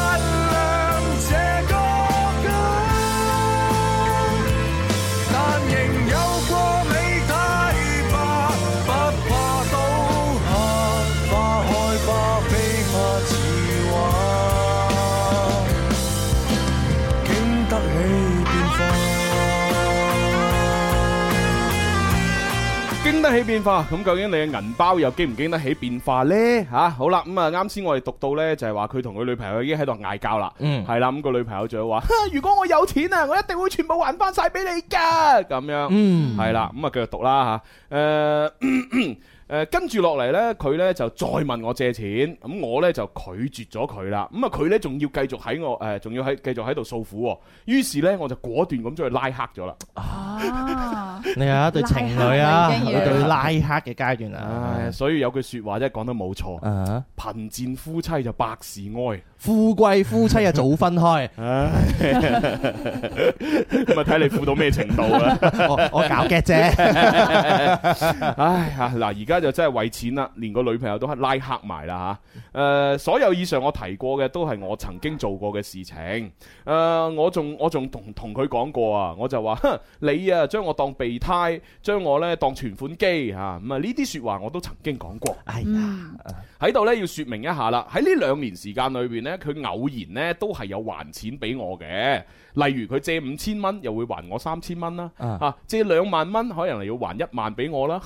得起變化，咁究竟你嘅銀包又經唔經得起變化呢？吓、啊，好啦，咁、嗯、啊，啱先我哋讀到呢，就係話佢同佢女朋友已經喺度嗌交啦。嗯，係啦，咁個女朋友就話、啊：，如果我有錢啊，我一定會全部還翻晒俾你噶。咁樣，嗯，係啦，咁啊，繼續讀啦吓，誒。 誒，跟住落嚟呢，佢呢就再問我借錢，咁我呢就拒絕咗佢啦。咁啊，佢呢仲要繼續喺我誒，仲要喺繼續喺度訴苦。於是呢我就果斷咁將佢拉黑咗啦。啊，你有一對情侶啊，一對拉黑嘅階段啊。所以有句說話真係講得冇錯。貧賤夫妻就百事哀，富貴夫妻啊早分開。咁啊，睇你富到咩程度啊？我我搞嘅啫。唉，嗱，而家。就真係為錢啦，連個女朋友都係拉黑埋啦吓。啊。誒、呃，所有以上我提過嘅都係我曾經做過嘅事情。誒、呃，我仲我仲同同佢講過啊，我就話，哼，你啊將我當備胎，將我咧當存款機吓，咁啊，呢啲說話我都曾經講過。係啊、哎呀，喺度咧要說明一下啦，喺呢兩年時間裏邊咧，佢偶然咧都係有還錢俾我嘅。例如佢借五千蚊，又會還我三千蚊啦。啊，借兩萬蚊，可能係要還一萬俾我啦。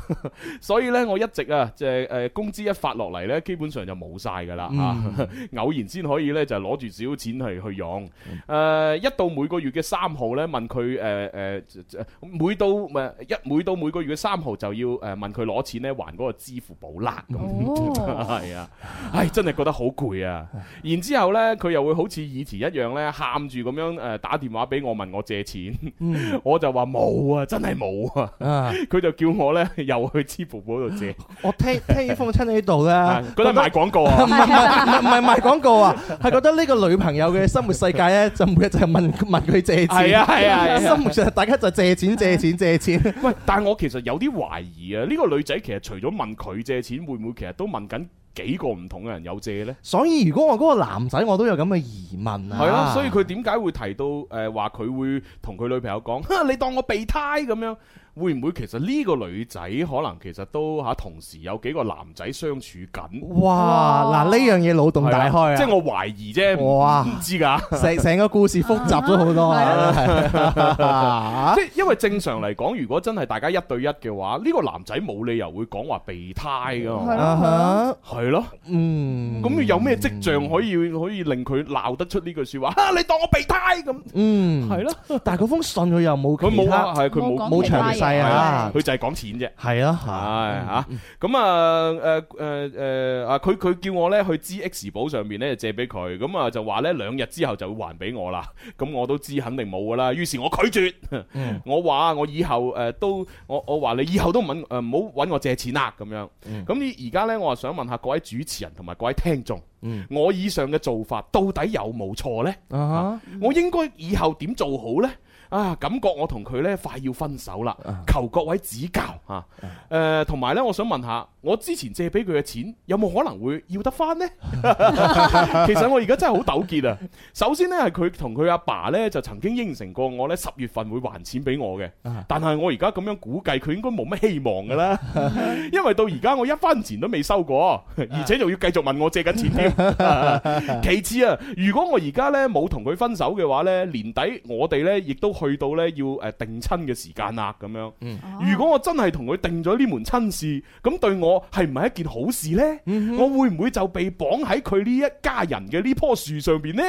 所以咧，我一直啊，即係誒，工資一發落嚟咧，基本上就冇晒。係噶啦，嗯、 偶然先可以咧，就攞住少少錢去去用。誒、嗯呃，一到每個月嘅三號咧，問佢誒誒，每到咪一，每到每個月嘅三號就要誒問佢攞錢咧，還嗰個支付寶啦。咁係啊，唉、哦 哎，真係覺得好攰啊。然之後咧，佢又會好似以前一樣咧，喊住咁樣誒打電話俾我問我借錢，嗯、 我就話冇啊，真係冇啊。佢 就叫我咧又去支付寶度借。我聽聽饋權喺度咧，覺得賣廣告啊。唔係唔係唔係賣廣告啊！係覺得呢個女朋友嘅生活世界呢，就每日就問問佢借錢。啊係啊，啊生活上大家就借錢借錢借錢。借錢喂，但係我其實有啲懷疑啊！呢、呢個女仔其實除咗問佢借錢，會唔會其實都問緊幾個唔同嘅人有借呢？所以如果我嗰個男仔，我都有咁嘅疑問啊！係咯、啊，所以佢點解會提到誒話佢會同佢女朋友講，你當我備胎咁樣？會唔會其實呢個女仔可能其實都吓同時有幾個男仔相處緊？哇！嗱呢樣嘢腦洞大開啊！即係我懷疑啫，我啊唔知噶，成成個故事複雜咗好多啊！即係因為正常嚟講，如果真係大家一對一嘅話，呢個男仔冇理由會講話備胎噶，係咯？嗯，咁有咩跡象可以可以令佢鬧得出呢句說話？啊，你當我備胎咁？嗯，係咯。但係嗰封信佢又冇其他，係佢冇冇詳細。係啊，佢就係講錢啫，係啊，係吓，咁啊，誒誒誒，啊，佢、啊、佢、啊啊啊啊、叫我咧去 ZX 寶上面咧借俾佢，咁啊就話咧兩日之後就會還俾我啦，咁、啊、我都知肯定冇噶啦，於是我拒絕，嗯、我話我以後誒、啊、都我我話你以後都唔唔好搵我借錢啦咁樣，咁而而家咧我啊想問下各位主持人同埋各位聽眾，嗯、我以上嘅做法到底有冇錯咧？我應該以後點做好咧？啊，感覺我同佢呢快要分手啦，求各位指教嚇。誒、啊，同埋呢，我想問下。我之前借俾佢嘅錢，有冇可能會要得翻呢？ 其實我而家真係好糾結啊！首先呢，係佢同佢阿爸呢，就曾經應承過我呢十月份會還錢俾我嘅。但係我而家咁樣估計，佢應該冇乜希望㗎啦， 因為到而家我一分錢都未收過，而且仲要繼續問我借緊錢添啊。 其次啊，如果我而家呢冇同佢分手嘅話呢，年底我哋呢亦都去到呢要誒定親嘅時間啦，咁樣。如果我真係同佢定咗呢門親事，咁對我，係唔係一件好事呢？嗯、哼我會唔會就被綁喺佢呢一家人嘅呢棵樹上邊呢？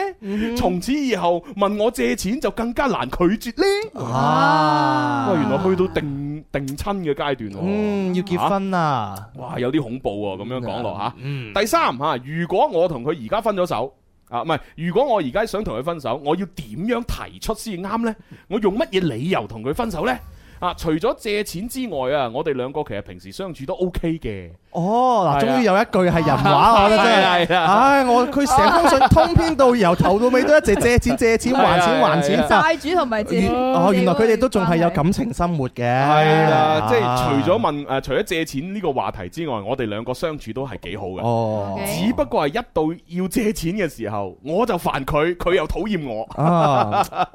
從、嗯、哼此以後問我借錢就更加難拒絕呢？啊，原來去到訂訂親嘅階段，嗯，要結婚啦、啊。哇，有啲恐怖啊！咁樣講落吓。啊嗯、第三吓、啊，如果我同佢而家分咗手啊，唔係，如果我而家想同佢分手，我要點樣提出先啱呢？我用乜嘢理由同佢分手呢？啊！除咗借錢之外啊，我哋兩個其實平時相處都 OK 嘅。哦，嗱，終於有一句係人話，我覺得真係。唉，我佢成封信通篇到由頭到尾都一直借錢借錢還錢還錢，債主同埋借。哦，原來佢哋都仲係有感情生活嘅。係啊，即係除咗問誒，除咗借錢呢個話題之外，我哋兩個相處都係幾好嘅。哦，只不過係一到要借錢嘅時候，我就煩佢，佢又討厭我。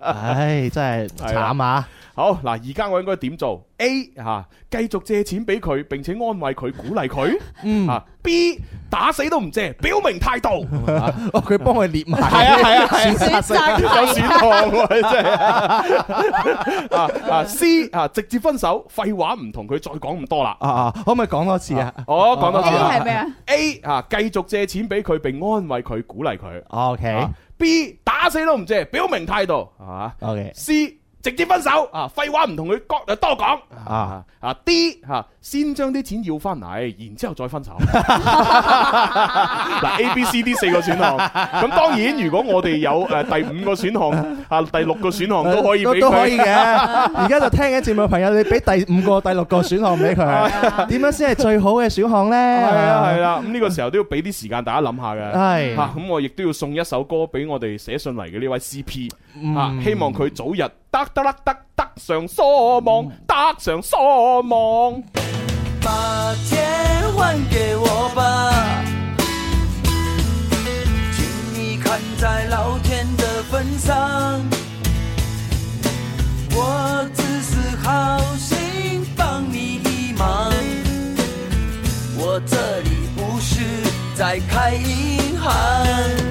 唉，真係慘啊！好嗱，而家我應該點做？A 吓、啊，繼續借錢俾佢，並且安慰佢、鼓勵佢。嗯、啊，吓 B 打死都唔借，表明態度。 哦，佢幫佢列埋。係啊係啊係啊。選晒、啊，啊啊，啊，啊， 啊！C 啊，直接分手，廢話唔同佢再講咁多啦、啊。啊，可唔可以講多次啊？哦，講多次。A 係咩啊？A 啊，繼續借錢俾佢，並安慰佢、鼓勵佢。OK。B 打死都唔借，表明態度。係嘛？OK。C。直接分手啊！廢話唔同佢講，多講啊，啊 D 嚇，先將啲錢要翻嚟，然之後再分手。嗱 A、B、C、D 四個選項，咁當然如果我哋有誒第五個選項啊，第六個選項都可以俾佢，都可以嘅。而家就聽緊節目嘅朋友，你俾第五個、第六個選項唔俾佢，點樣先係最好嘅選項呢？係啊係啦，咁呢個時候都要俾啲時間大家諗下嘅。係啊，咁我亦都要送一首歌俾我哋寫信嚟嘅呢位 CP。啊！嗯、希望佢早日得得啦，得得償所望，得償所望。嗯、把錢還給我吧，請你看在老天的份上，我只是好心幫你一忙，我這裏不是在開銀行。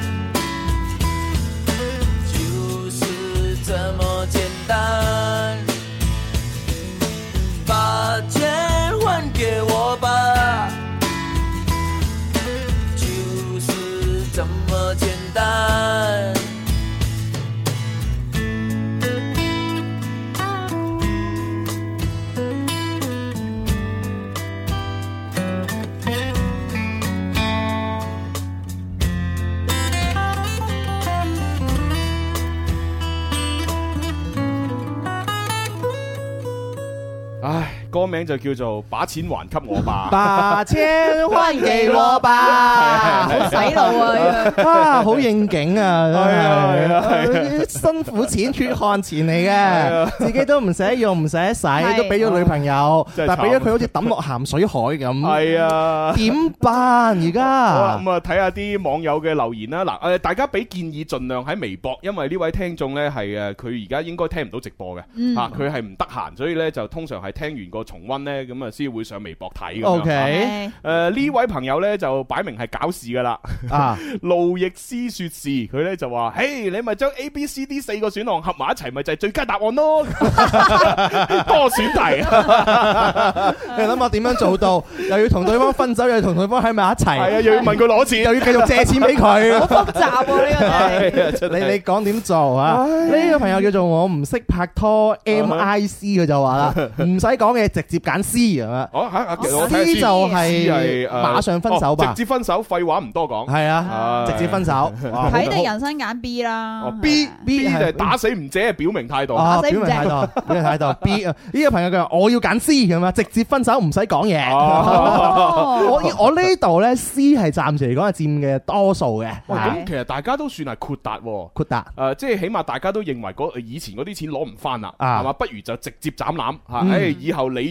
名就叫做把錢還給我吧，把錢還給我吧，好洗腦啊！啊，好應景啊！辛苦錢、血汗錢嚟嘅，自己都唔捨用、唔捨使，都俾咗女朋友，但係俾咗佢好似抌落鹹水海咁。係啊，點辦而家？咁啊，睇下啲網友嘅留言啦。嗱，誒大家俾建議，儘量喺微博，因為呢位聽眾咧係誒佢而家應該聽唔到直播嘅，啊，佢係唔得閒，所以咧就通常係聽完個重。溫咧咁啊，先會上微博睇咁樣。OK，誒，呢位朋友咧就擺明係搞事噶啦。啊，路易斯說事，佢咧就話：嘿，你咪將 A、B、C、D 四個選項合埋一齊，咪就係最佳答案咯。多選題。你諗下點樣做到？又要同對方分手，又要同對方喺埋一齊。係啊，又要問佢攞錢，又要繼續借錢俾佢。好複雜啊！呢個係你你講點做啊？呢個朋友叫做我唔識拍拖 MIC，佢就話啦，唔使講嘢。」直接揀 C 咁啊！C 就係馬上分手吧。直接分手，廢話唔多講。係啊，直接分手。睇啲人生揀 B 啦。B B 就係打死唔捨，表明態度。打死唔捨，表明態度。表明態度。B 呢個朋友佢話：我要揀 C 咁啊，直接分手，唔使講嘢。我我呢度咧，C 係暫時嚟講係佔嘅多數嘅。咁其實大家都算係豁達喎，豁達。誒，即係起碼大家都認為以前嗰啲錢攞唔返啦，係嘛？不如就直接斬纜嚇。誒，以後你，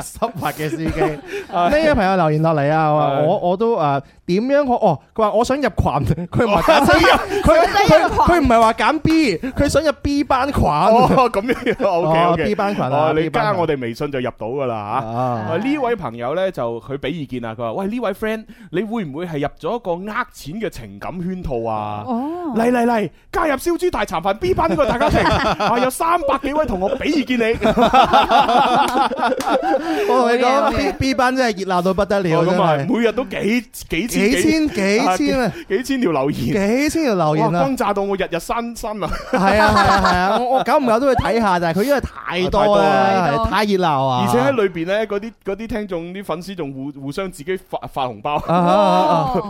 濕滑嘅司機，呢位朋友留言落嚟啊！我我都啊～、uh 點樣？我哦，佢話我想入群，佢話想入佢佢佢唔係話揀 B，佢想入 B 班群。哦，咁樣 OK，OK，B 班群你加我哋微信就入到噶啦吓。呢位朋友咧就佢俾意見啊，佢話喂呢位 friend，你會唔會係入咗一個呃錢嘅情感圈套啊？哦，嚟嚟嚟，加入燒豬大茶飯 B 班呢個大家庭，啊有三百幾位同學俾意見你。我同你講，B B 班真係熱鬧到不得了，咁係每日都幾幾幾千幾千啊，幾千條留言，幾千條留言啊，轟炸到我日日生心啊！係啊係啊，我我久唔久都會睇下，但係佢因為太多啦，太熱鬧啊！而且喺裏邊咧，嗰啲嗰啲聽眾、啲粉絲仲互互相自己發發紅包，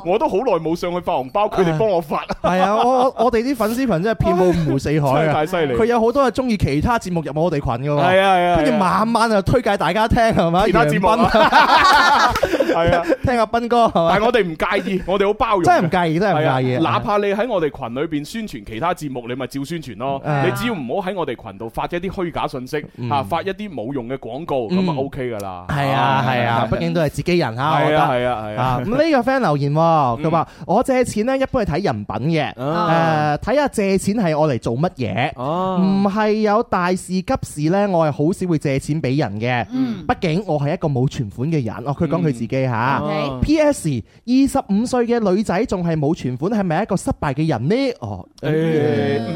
我都好耐冇上去發紅包，佢哋幫我發。係啊，我我哋啲粉絲群真係遍布五湖四海，太犀利！佢有好多係中意其他節目入我哋群噶嘛，係啊係啊，跟住晚晚就推介大家聽係咪？其他節目啊，係啊。聽阿斌哥，但係我哋唔介意，我哋好包容，真係唔介意，真係唔介意。哪怕你喺我哋群裏邊宣傳其他節目，你咪照宣傳咯。你只要唔好喺我哋群度發一啲虛假信息，吓發一啲冇用嘅廣告，咁啊 OK 噶啦。係啊係啊，畢竟都係自己人吓。係啊係啊係啊。咁呢個 friend 留言，佢話我借錢呢，一般係睇人品嘅，誒睇下借錢係我嚟做乜嘢。哦，唔係有大事急事呢，我係好少會借錢俾人嘅。嗯，畢竟我係一個冇存款嘅人。哦，佢講佢自己吓。P.S. 二十五歲嘅女仔仲係冇存款，係咪一個失敗嘅人呢？哦，誒，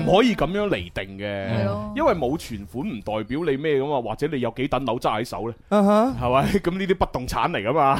唔可以咁樣嚟定嘅，因為冇存款唔代表你咩噶嘛，或者你有幾等樓揸喺手呢？啊係咪？咁呢啲不動產嚟噶嘛，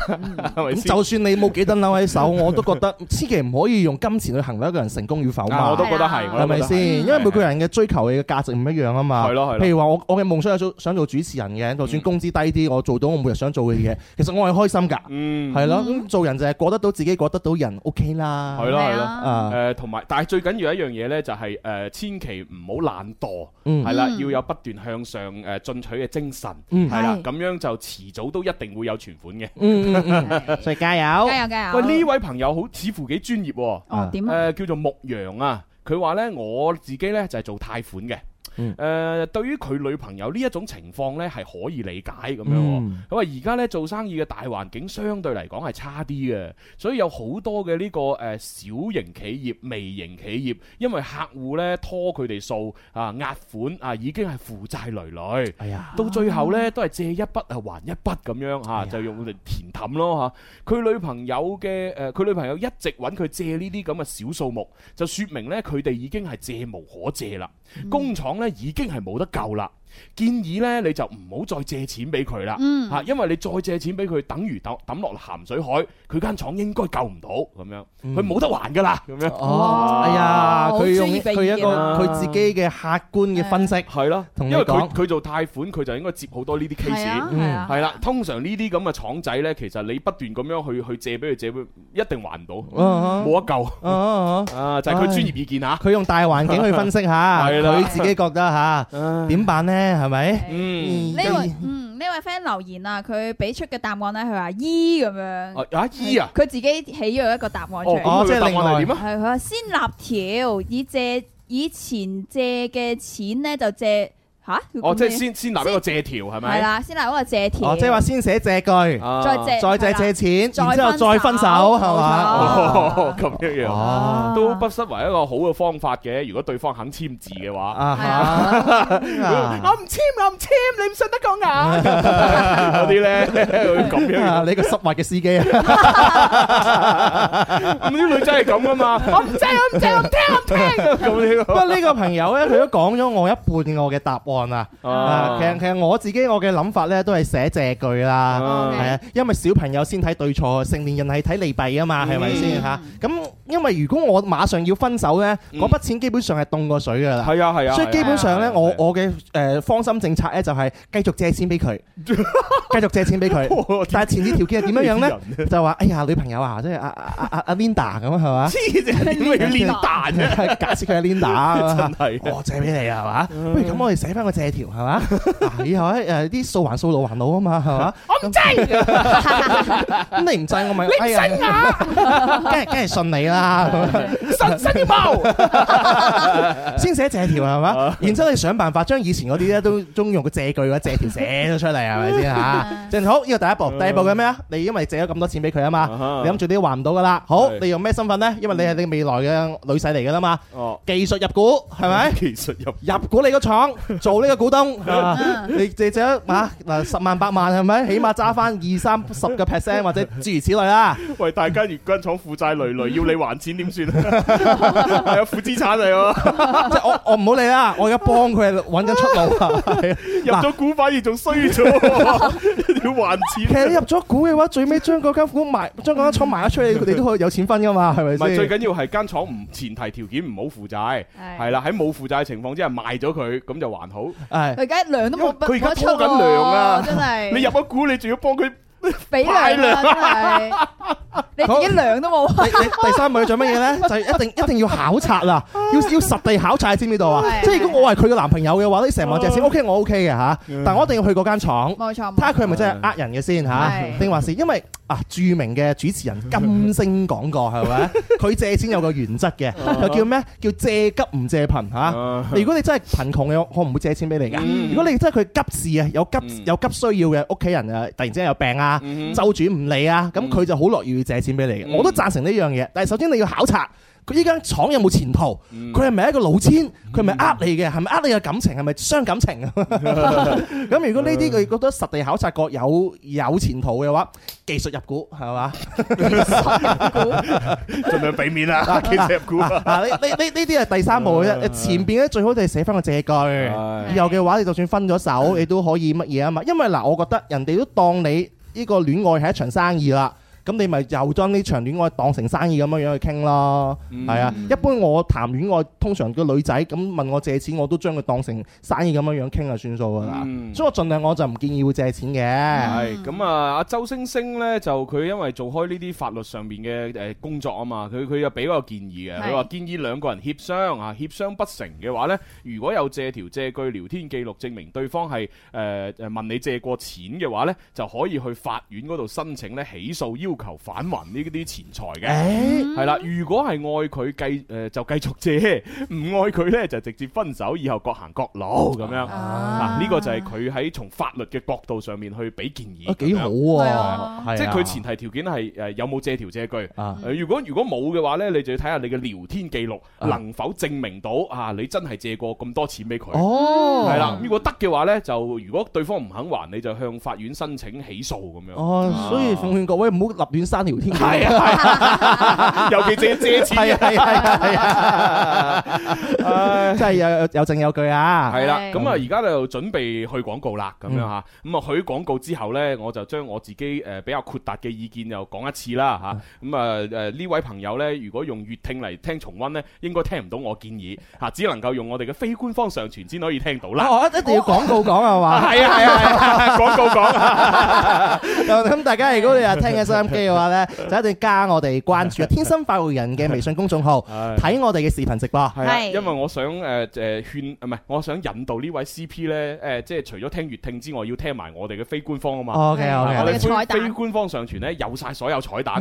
就算你冇幾等樓喺手，我都覺得千祈唔可以用金錢去衡量一個人成功與否嘛。我都覺得係，係咪先？因為每個人嘅追求嘅價值唔一樣啊嘛。譬如話我我嘅夢想係想做主持人嘅，就算工資低啲，我做到我每日想做嘅嘢，其實我係開心噶，嗯，係啦。咁做人就係過得到自己，過得到人，OK 啦。係啦係啦，誒，同埋，但係最緊要一樣嘢呢，就係誒，千祈唔好懶惰，係啦，要有不斷向上誒進取嘅精神，係啦，咁樣就遲早都一定會有存款嘅。所以加油，加油加油。喂，呢位朋友好似乎幾專業哦？點啊？誒，叫做牧羊啊，佢話呢，我自己呢，就係做貸款嘅。誒、嗯呃，對於佢女朋友呢一種情況呢，係可以理解咁樣。咁啊、嗯，而家咧做生意嘅大環境相對嚟講係差啲嘅，所以有好多嘅呢、這個誒、呃、小型企業、微型企業，因為客戶呢，拖佢哋數啊，押、呃、款啊，已經係負債累累。係啊、哎呀，到最後呢，啊、都係借一筆啊還一筆咁樣吓，啊哎、呀就用嚟填氹咯。吓、啊，佢女朋友嘅誒，佢、呃、女朋友一直揾佢借呢啲咁嘅小數目，就說明呢，佢哋已經係借無可借啦。工廠咧已經係冇得救啦。建議咧，你就唔好再借錢俾佢啦嚇，因為你再借錢俾佢，等於抌抌落鹹水海，佢間廠應該救唔到咁樣，佢冇得還噶啦咁樣。哦，哎呀，佢用佢一個佢自己嘅客觀嘅分析係咯，因為佢佢做貸款，佢就應該接好多呢啲 case 係啊，係啦，通常呢啲咁嘅廠仔咧，其實你不斷咁樣去去借俾佢借俾，一定還唔到，冇得救。啊，就係佢專業意見啊。佢用大環境去分析下，係佢自己覺得嚇點辦咧？係咪？是是嗯，呢位嗯呢對、嗯、位 friend 留言、嗯、啊，佢俾出嘅答案咧，佢話姨咁樣，啊 E 啊，佢自己起咗一個答案出嚟，哦，出來 啊、即係另外，係佢話先立條，以借以前借嘅錢咧，就借。嚇！哦，即係先先拿一個借條係咪？係啦，先拿一個借條。哦，即係話先寫借據，再借，再借借錢，然之後再分手，係嘛？哦，咁一樣，都不失為一個好嘅方法嘅。如果對方肯簽字嘅話，啊！我唔簽，我唔簽，你唔信得過我？有啲咧咁樣啊！你個濕滑嘅司機啊！咁啲女仔係咁噶嘛？我唔聽，我唔聽，我唔聽，我唔聽。不過呢個朋友咧，佢都講咗我一半我嘅答案。啊，嗯嗯，其實其實我自己我嘅諗法咧都係寫借據啦，係啊、嗯，因為小朋友先睇對錯，成年人係睇利弊啊嘛，係咪先嚇？咁因為如果我馬上要分手咧，嗰筆錢基本上係凍過水噶啦，係啊係啊，所以基本上咧，我我嘅誒方針政策咧就係繼續借錢俾佢，繼續借錢俾佢，但係前置條件係點樣樣咧？就話哎呀女朋友啊，即係阿阿阿 Linda 咁係嘛？黐線啊！咩 Linda？係假設佢係 Linda，我借俾你啊係嘛？不如咁我哋寫翻。借條係嘛？以後咧誒，啲數還數，路還路啊嘛，係嘛？我唔制，咁你唔制，我咪你制啊？梗係梗係信你啦，信仙包先寫借條係嘛？然之後你想辦法將以前嗰啲咧都中用嘅借據或者借條寫咗出嚟，係咪先吓？借好，呢個第一步，第二步嘅咩啊？你因為借咗咁多錢俾佢啊嘛，你諗住你還唔到噶啦？好，你用咩身份咧？因為你係你未來嘅女婿嚟噶啦嘛，技術入股係咪？技術入入股你個廠做。呢個股東，你借借一啊嗱，十萬八萬係咪？起碼揸翻二三十個 percent，或者諸如此類啦。喂，大家粵軍廠負債累累，要你還錢點算啊？係啊，負資產嚟，即係我我唔好理啦，我而家幫佢搵緊出路。入咗股反而仲衰咗，要還錢。其實你入咗股嘅話，最尾將嗰間股賣，將間廠賣咗出去，佢哋都可以有錢分噶嘛？係咪先？最緊要係間廠唔前提條件唔好負債，係啦，喺冇負債嘅情況之下賣咗佢，咁就還好。佢而家糧都冇，佢而家搓緊糧啊！哦、真係， 你入咗股，你仲要幫佢。俾你啊！真係你自己糧都冇。你第三步做乜嘢咧？就係一定一定要考察啦，要要實地考察先呢度啊！即係如果我係佢嘅男朋友嘅話，你成日借錢，OK，我 OK 嘅吓。但我一定要去嗰間廠，冇錯，睇下佢係咪真係呃人嘅先吓。定還是因為啊著名嘅主持人金星講過係咪？佢借錢有個原則嘅，就叫咩？叫借急唔借貧吓。如果你真係貧窮嘅，我唔會借錢俾你噶。如果你真係佢急事啊，有急有急需要嘅屋企人啊，突然之間有病啊。就住唔理啊，咁佢就好樂意要借錢俾你嘅，嗯、我都讚成呢樣嘢。但係首先你要考察佢呢間廠有冇前途，佢係咪一個老千，佢係咪呃你嘅，係咪呃你嘅感情，係咪傷感情？咁 如果呢啲佢覺得實地考察過有有前途嘅話，技術入股係嘛？盡 量俾面啦。技術入股呢呢呢啲係第三步嘅啫，前邊咧最好就係寫翻個借據，以後嘅話你就算分咗手，你都可以乜嘢啊嘛？因為嗱，我覺得人哋都當你。呢個戀愛係一場生意啦。咁你咪又將呢場戀愛當成生意咁樣樣去傾咯，係、嗯、啊。一般我談戀愛通常個女仔咁問我借錢，我都將佢當成生意咁樣樣傾啊，算數㗎啦。所以我盡量我就唔建議會借錢嘅。係咁、嗯、啊，阿周星星呢，就佢因為做開呢啲法律上面嘅誒工作啊嘛，佢佢又俾嗰個建議啊。佢話建議兩個人協商啊，協商不成嘅話呢，如果有借條借據、聊天記錄證明對方係誒誒問你借過錢嘅話呢，就可以去法院嗰度申請咧起訴要。求返還呢啲錢財嘅，係啦。如果係愛佢繼，誒就繼續借；唔愛佢咧，就直接分手，以後各行各路咁樣。嗱，呢個就係佢喺從法律嘅角度上面去俾建議，幾好喎。即係佢前提條件係誒有冇借條借據。如果如果冇嘅話呢，你就要睇下你嘅聊天記錄能否證明到啊你真係借過咁多錢俾佢。係啦，如果得嘅話呢，就如果對方唔肯還，你就向法院申請起訴咁樣。所以奉勸各位唔好暖山聊天，係啊，係啊，尤其借借錢哈哈哈哈， 係啊，係啊，係啊，真係有有有證有據啊，係啦，咁啊，而家就準備去廣告啦，咁樣吓，咁啊，去廣告之後咧，我就將我自己誒比較豁達嘅意見又講一次啦，吓、啊，咁啊誒呢、啊、位朋友咧，如果用粵聽嚟聽重溫咧，應該聽唔到我建議吓，只能夠用我哋嘅非官方上傳先可以聽到啦、哦，一定要廣告講啊嘛，係啊係啊係啊，廣、啊、 告講咁、啊、 大家如果聽日聽嘅時嘅話咧，就一定加我哋關注啊！天生快活人嘅微信公眾號，睇我哋嘅視頻直播。係，因為我想誒誒勸，唔係我想引導呢位 CP 咧誒，即係除咗聽粵聽之外，要聽埋我哋嘅非官方啊嘛。OKOK，我哋非官方上傳咧，有晒所有彩蛋，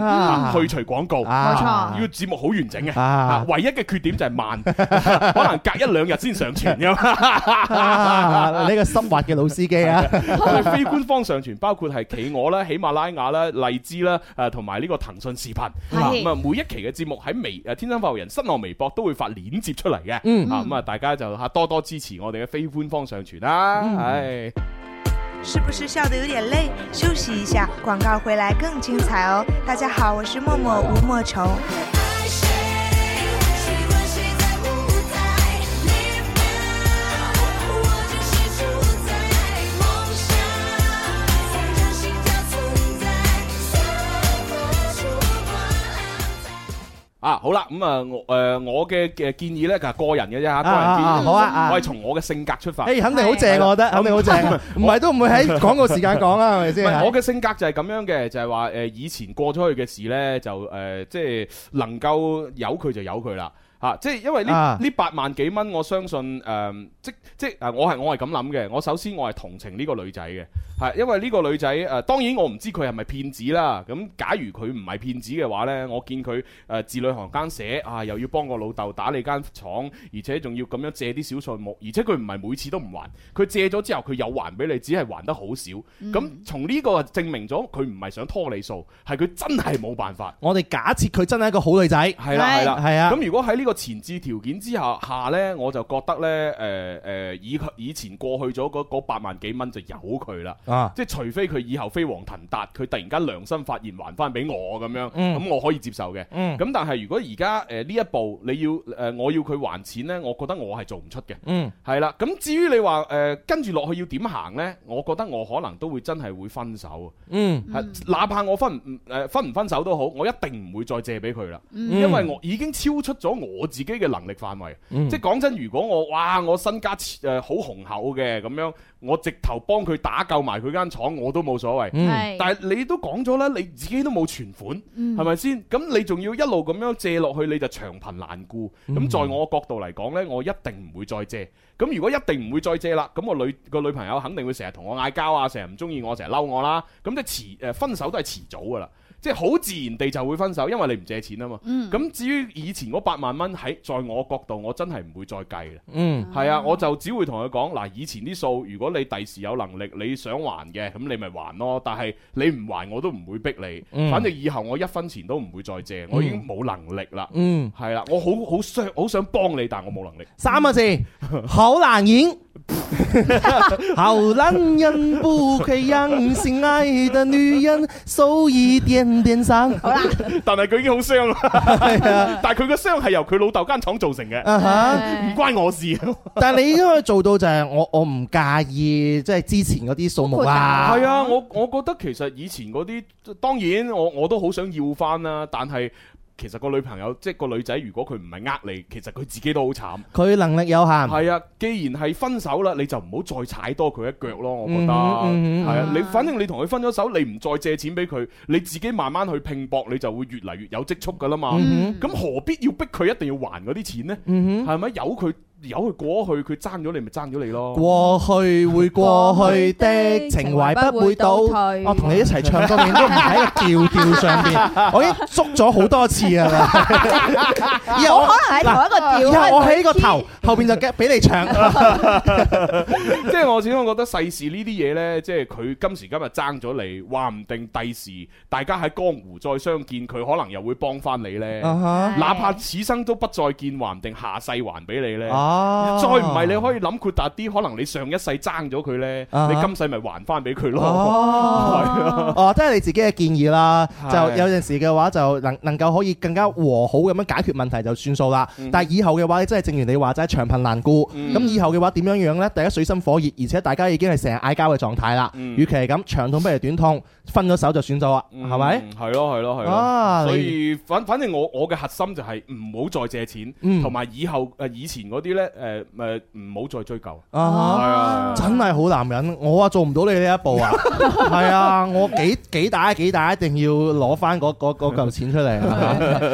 去除廣告，冇錯。呢個節目好完整嘅，唯一嘅缺點就係慢，可能隔一兩日先上傳咁。你個濕滑嘅老司機啊！我哋非官方上傳，包括係企鵝啦、喜馬拉雅啦、荔枝啦。誒，同埋呢個騰訊視頻，咁、嗯、啊、嗯嗯、每一期嘅節目喺微誒天生發育人新浪微博都會發鏈接出嚟嘅。啊咁、嗯嗯、啊大家就吓多多支持我哋嘅非官方上傳啦、啊，係、嗯。哎、是不是笑得有點累？休息一下，廣告回來更精彩哦！大家好，我是默默，吳莫愁。啊，好啦，咁啊，誒，我嘅誒建議咧，嗱，個人嘅啫嚇，個人建議，好啊，我係從我嘅性格出發。誒，肯定好正，我覺得肯定好正，唔係都唔會喺廣告時間講啦，係咪先？唔係，我嘅性格就係咁樣嘅，就係話誒，以前過咗去嘅事咧，就誒，即係能夠由佢就由佢啦。啊！即係因為呢呢八萬幾蚊，我相信誒即即誒我係我係咁諗嘅。我首先我係同情呢個女仔嘅，係因為呢個女仔誒當然我唔知佢係咪騙子啦。咁假如佢唔係騙子嘅話咧，我見佢誒字裡行間寫啊，又要幫個老豆打理間廠，而且仲要咁樣借啲小數目，而且佢唔係每次都唔還，佢借咗之後佢又還俾你，只係還得好少。咁從呢個證明咗佢唔係想拖你數，係佢真係冇辦法。我哋假設佢真係一個好女仔，係啦係啦係啊。咁如果喺呢個前置條件之下下呢我就覺得呢，誒、呃、誒，以、呃、以前過去咗嗰八萬幾蚊就由佢啦，啊、即係除非佢以後飛黃騰達，佢突然間良心發現還翻俾我咁樣，咁、嗯、我可以接受嘅。咁、嗯、但係如果而家誒呢一步你要誒、呃、我要佢還錢呢，我覺得我係做唔出嘅。係啦、嗯，咁至於你話誒、呃、跟住落去要點行呢？我覺得我可能都會真係會分手。嗯，哪怕我分唔誒分唔分手都好，我一定唔會再借俾佢啦，嗯嗯、因為我已經超出咗我。我自己嘅能力範圍，嗯、即係講真，如果我哇我身家誒好、呃、雄厚嘅咁樣，我直頭幫佢打救埋佢間廠，我都冇所謂。嗯、但係你都講咗啦，你自己都冇存款，係咪先？咁你仲要一路咁樣借落去，你就長貧難顧。咁、嗯、在我角度嚟講呢，我一定唔會再借。咁如果一定唔會再借啦，咁我女個女朋友肯定會成日同我嗌交啊，成日唔中意我，成日嬲我啦，咁即係誒分手都係遲早噶啦。即係好自然地就會分手，因為你唔借錢啊嘛。咁、嗯、至於以前嗰八萬蚊喺在我角度，我真係唔會再計啦。係、嗯、啊，我就只會同佢講嗱，以前啲數，如果你第時有能力，你想還嘅，咁你咪還咯。但係你唔還，我都唔會逼你。嗯、反正以後我一分錢都唔會再借，我已經冇能力啦。係啦、嗯啊，我好好，好想好想幫你，但係我冇能力。三個字， 好難演。好男人不會讓心愛的女人受一點點傷。 但係佢已經好傷啦。但係佢個傷係由佢老豆間廠造成嘅、uh-huh，唔關我事。 但係你應該做到就係我，我唔介意，即係之前嗰啲數目啊。係啊，我我覺得其實以前嗰啲，當然我我都好想要翻啦，但係。其實個女朋友，即係個女仔，如果佢唔係呃你，其實佢自己都好慘。佢能力有限。係啊，既然係分手啦，你就唔好再踩多佢一腳咯。我覺得係、嗯嗯、啊，你反正你同佢分咗手，你唔再借錢俾佢，你自己慢慢去拼搏，你就會越嚟越有積蓄噶啦嘛。咁、嗯、哼何必要逼佢一定要還嗰啲錢呢？係咪、嗯、哼由佢？有佢過，過去，佢爭咗你，咪爭咗你咯。過去會過去的情懷不會倒退。我同你一齊唱歌， 都吊吊面都唔喺個調調上邊，我已經縮咗好多次啊！ 我，我可能喺同一個調。我起個頭， 後邊就俾你唱。 即係我始終覺得世事呢啲嘢呢，即係佢今時今日爭咗你，話唔定第時大家喺江湖再相見，佢可能又會幫翻你呢。Uh huh. 哪怕此生都不再見，話唔定下世還俾你呢。Uh huh. 再唔係，你可以諗豁達啲，可能你上一世爭咗佢呢，啊、你今世咪還翻俾佢咯。啊是啊、哦，即啊，係你自己嘅建議啦。是啊、就有陣時嘅話，就能能夠可以更加和好咁樣解決問題就算數啦。但係以後嘅話，真係正如你話齋，就係、長貧難顧。咁、嗯、以後嘅話點樣樣呢？大家水深火熱，而且大家已經係成日嗌交嘅狀態啦。嗯與其，與其係咁長痛不如短痛，分咗手就算咗、嗯、吧啊，係咪？係咯，係咯，係咯。所以反反正我我嘅核心就係唔好再借錢，同埋以後以前嗰啲呢。誒，唔好再追究啊！真係好男人，我啊做唔到你呢一步啊！係啊，我幾幾大幾大，一定要攞翻嗰嗰嚿錢出嚟。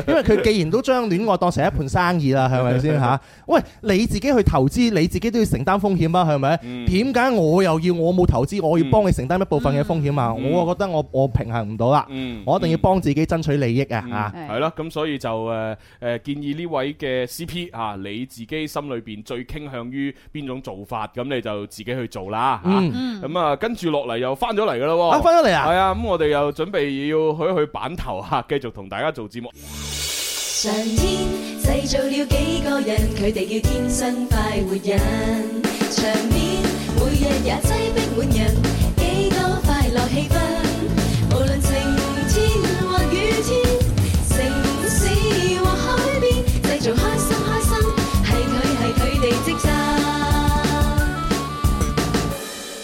因為佢既然都將戀愛當成一盤生意啦，係咪先吓？喂，你自己去投資，你自己都要承擔風險啦，係咪？點解我又要我冇投資，我要幫你承擔一部分嘅風險啊？我啊覺得我我平衡唔到啦，我一定要幫自己爭取利益啊！吓，係咯，咁所以就誒建議呢位嘅 CP 啊，你自己心。裏邊最傾向於邊種做法，咁你就自己去做啦吓。咁、嗯、啊，跟住落嚟又翻咗嚟噶咯，翻咗嚟啊！係啊，咁、嗯、我哋又準備要去一去板頭吓，繼、啊、續同大家做節目。上天製造了幾個人，人，人，佢哋叫天生快快活人，場面每日也擠逼滿人，幾多快樂氣氛。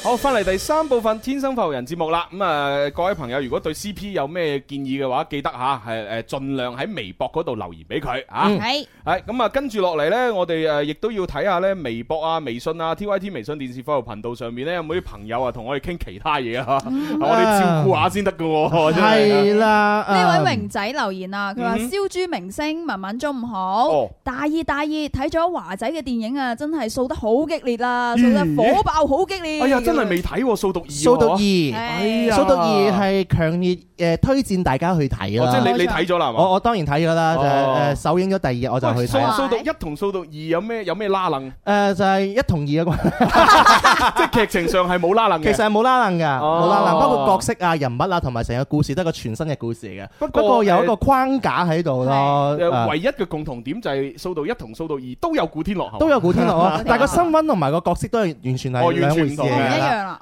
好，翻嚟、哦、第三部分《天生發育人》節目啦。咁啊，各位朋友，如果對 C P 有咩建議嘅話，記得吓係誒，盡量喺微博嗰度留言俾佢啊。係是，係咁啊，跟住落嚟咧，我哋誒亦都要睇下咧，微博啊、微信啊、T Y T 微信電視發育頻道上面咧，有冇啲朋友啊同、嗯、我哋傾其他嘢啊？我哋照顧下先得噶喎。係啦，呢位榮仔留言啊，佢話燒豬明星文文中午好，大熱大熱，睇咗華仔嘅電影啊，真係掃得好激烈啦，掃得火爆好激烈。啊啊啊啊真係未睇《掃毒二》。《掃毒二》《掃毒二》係強烈誒推薦大家去睇咯。即係你你睇咗啦嘛？我我當然睇咗啦，就係誒首映咗第二日我就去睇啦。《掃毒一》同《掃毒二》有咩有咩拉楞？誒就係一同二啊！即係劇情上係冇拉楞嘅，其實係冇拉楞噶，冇拉楞。包括角色啊、人物啊，同埋成個故事都係個全新嘅故事嚟嘅。不過有一個框架喺度咯。唯一嘅共同點就係《掃毒一》同《掃毒二》都有古天樂，都有古天樂啊！但係個身份同埋個角色都係完全係兩回事。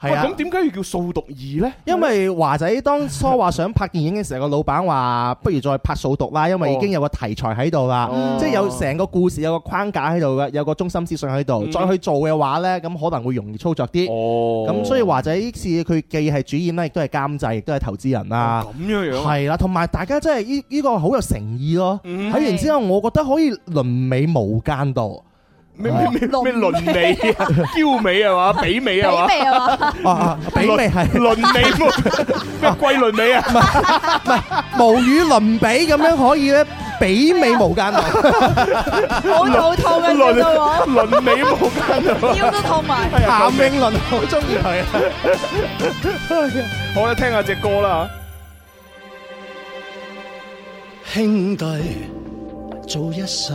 係咁點解要叫掃毒二呢？因為華仔當初話想拍電影嘅時候，個 老闆話不如再拍掃毒啦，哦、因為已經有個題材喺度啦，哦、即係有成個故事有個框架喺度嘅，有個中心思想喺度，嗯、再去做嘅話呢，咁可能會容易操作啲。哦，咁所以華仔呢次佢既係主演啦，亦都係監製，亦都係投資人啦、啊。咁、啊、樣樣係啦，同埋、啊、大家真係呢依個好有誠意咯。睇、嗯、完之後，我覺得可以輪尾無間道。咩咩咩咩倫美啊，嬌美係嘛，比美係嘛，比美係嘛，比美係倫美，咩貴倫美啊？唔係無與倫比咁樣可以咧，比美無間道！我肚痛啊，倫美無間道！腰都痛埋，譚詠麟好中意佢啊！好啦，聽下隻歌啦，兄弟做一世。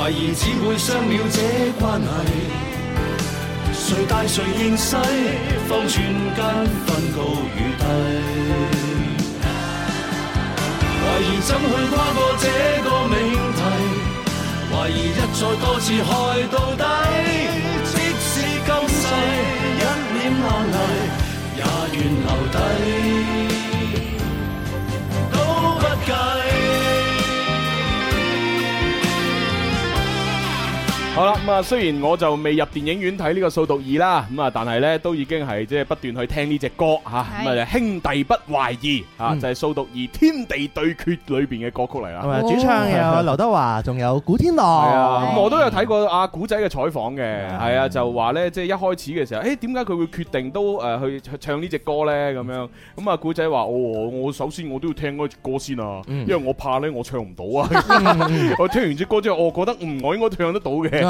懷疑只會傷了這關係，誰帶誰厭世？方寸間分高與低。懷疑怎去跨過這個命題？懷疑一再多次害到底，即使今世一臉眼淚，也願留低。都不計。好啦，咁啊，雖然我就未入電影院睇呢個《掃毒二》啦，咁啊，但係咧都已經係即係不斷去聽呢隻歌吓，咁啊，兄弟不懷疑啊，就係《掃毒二天地對決》裏邊嘅歌曲嚟啦。咁啊，主唱有劉德華，仲有古天樂。我都有睇過阿古仔嘅採訪嘅，係啊，就話咧即係一開始嘅時候，誒，點解佢會決定都誒去唱呢隻歌咧？咁樣咁啊，古仔話，我我首先我都要聽嗰隻歌先啊，因為我怕咧我唱唔到啊。我聽完隻歌之後，我覺得唔，我應該唱得到嘅。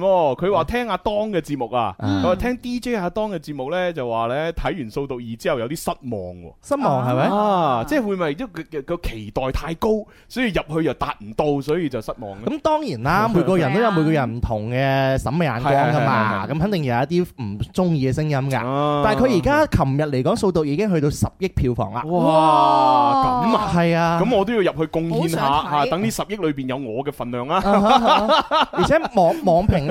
佢話聽阿當嘅節目啊，佢話聽 DJ 阿當嘅節目呢，就話呢睇完《掃毒二》之後有啲失望喎。失望係咪啊？即係會唔會因佢期待太高，所以入去又達唔到，所以就失望。咁當然啦，每個人都有每個人唔同嘅審美眼光㗎嘛。咁肯定有一啲唔中意嘅聲音㗎。但係佢而家琴日嚟講，《掃毒》已經去到十億票房啦。哇！咁啊，係啊。咁我都要入去貢獻下嚇，等呢十億裏邊有我嘅份量啊！而且網網評。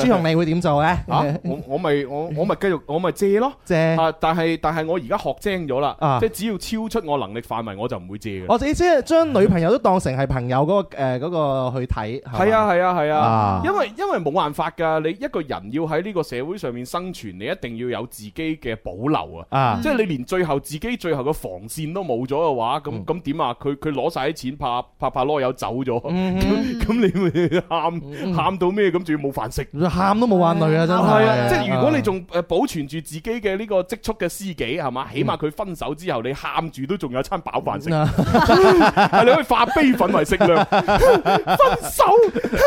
朱雄你會點做咧、啊？我我咪我我咪繼續我咪借咯借啊！但係但係我而家學精咗啦，啊、即係只要超出我能力範圍，我就唔會借嘅。哦，你即係將女朋友都當成係朋友嗰、嗰個誒 個去睇，係啊係啊係啊，啊因！因為因為冇辦法噶，你一個人要喺呢個社會上面生存，你一定要有自己嘅保留啊！即係你連最後自己最後嘅防線都冇咗嘅話，咁咁點啊？佢佢攞晒啲錢，拍拍拍囉柚走咗，咁、嗯、 那你會喊喊到咩？咁仲要冇飯食。喊都冇眼淚啊！真係、哦，即係如果你仲誒保存住自己嘅呢個積蓄嘅私己係嘛，起碼佢分手之後，你喊住都仲有餐飽飯先。 你可以化悲憤為食量。 分手，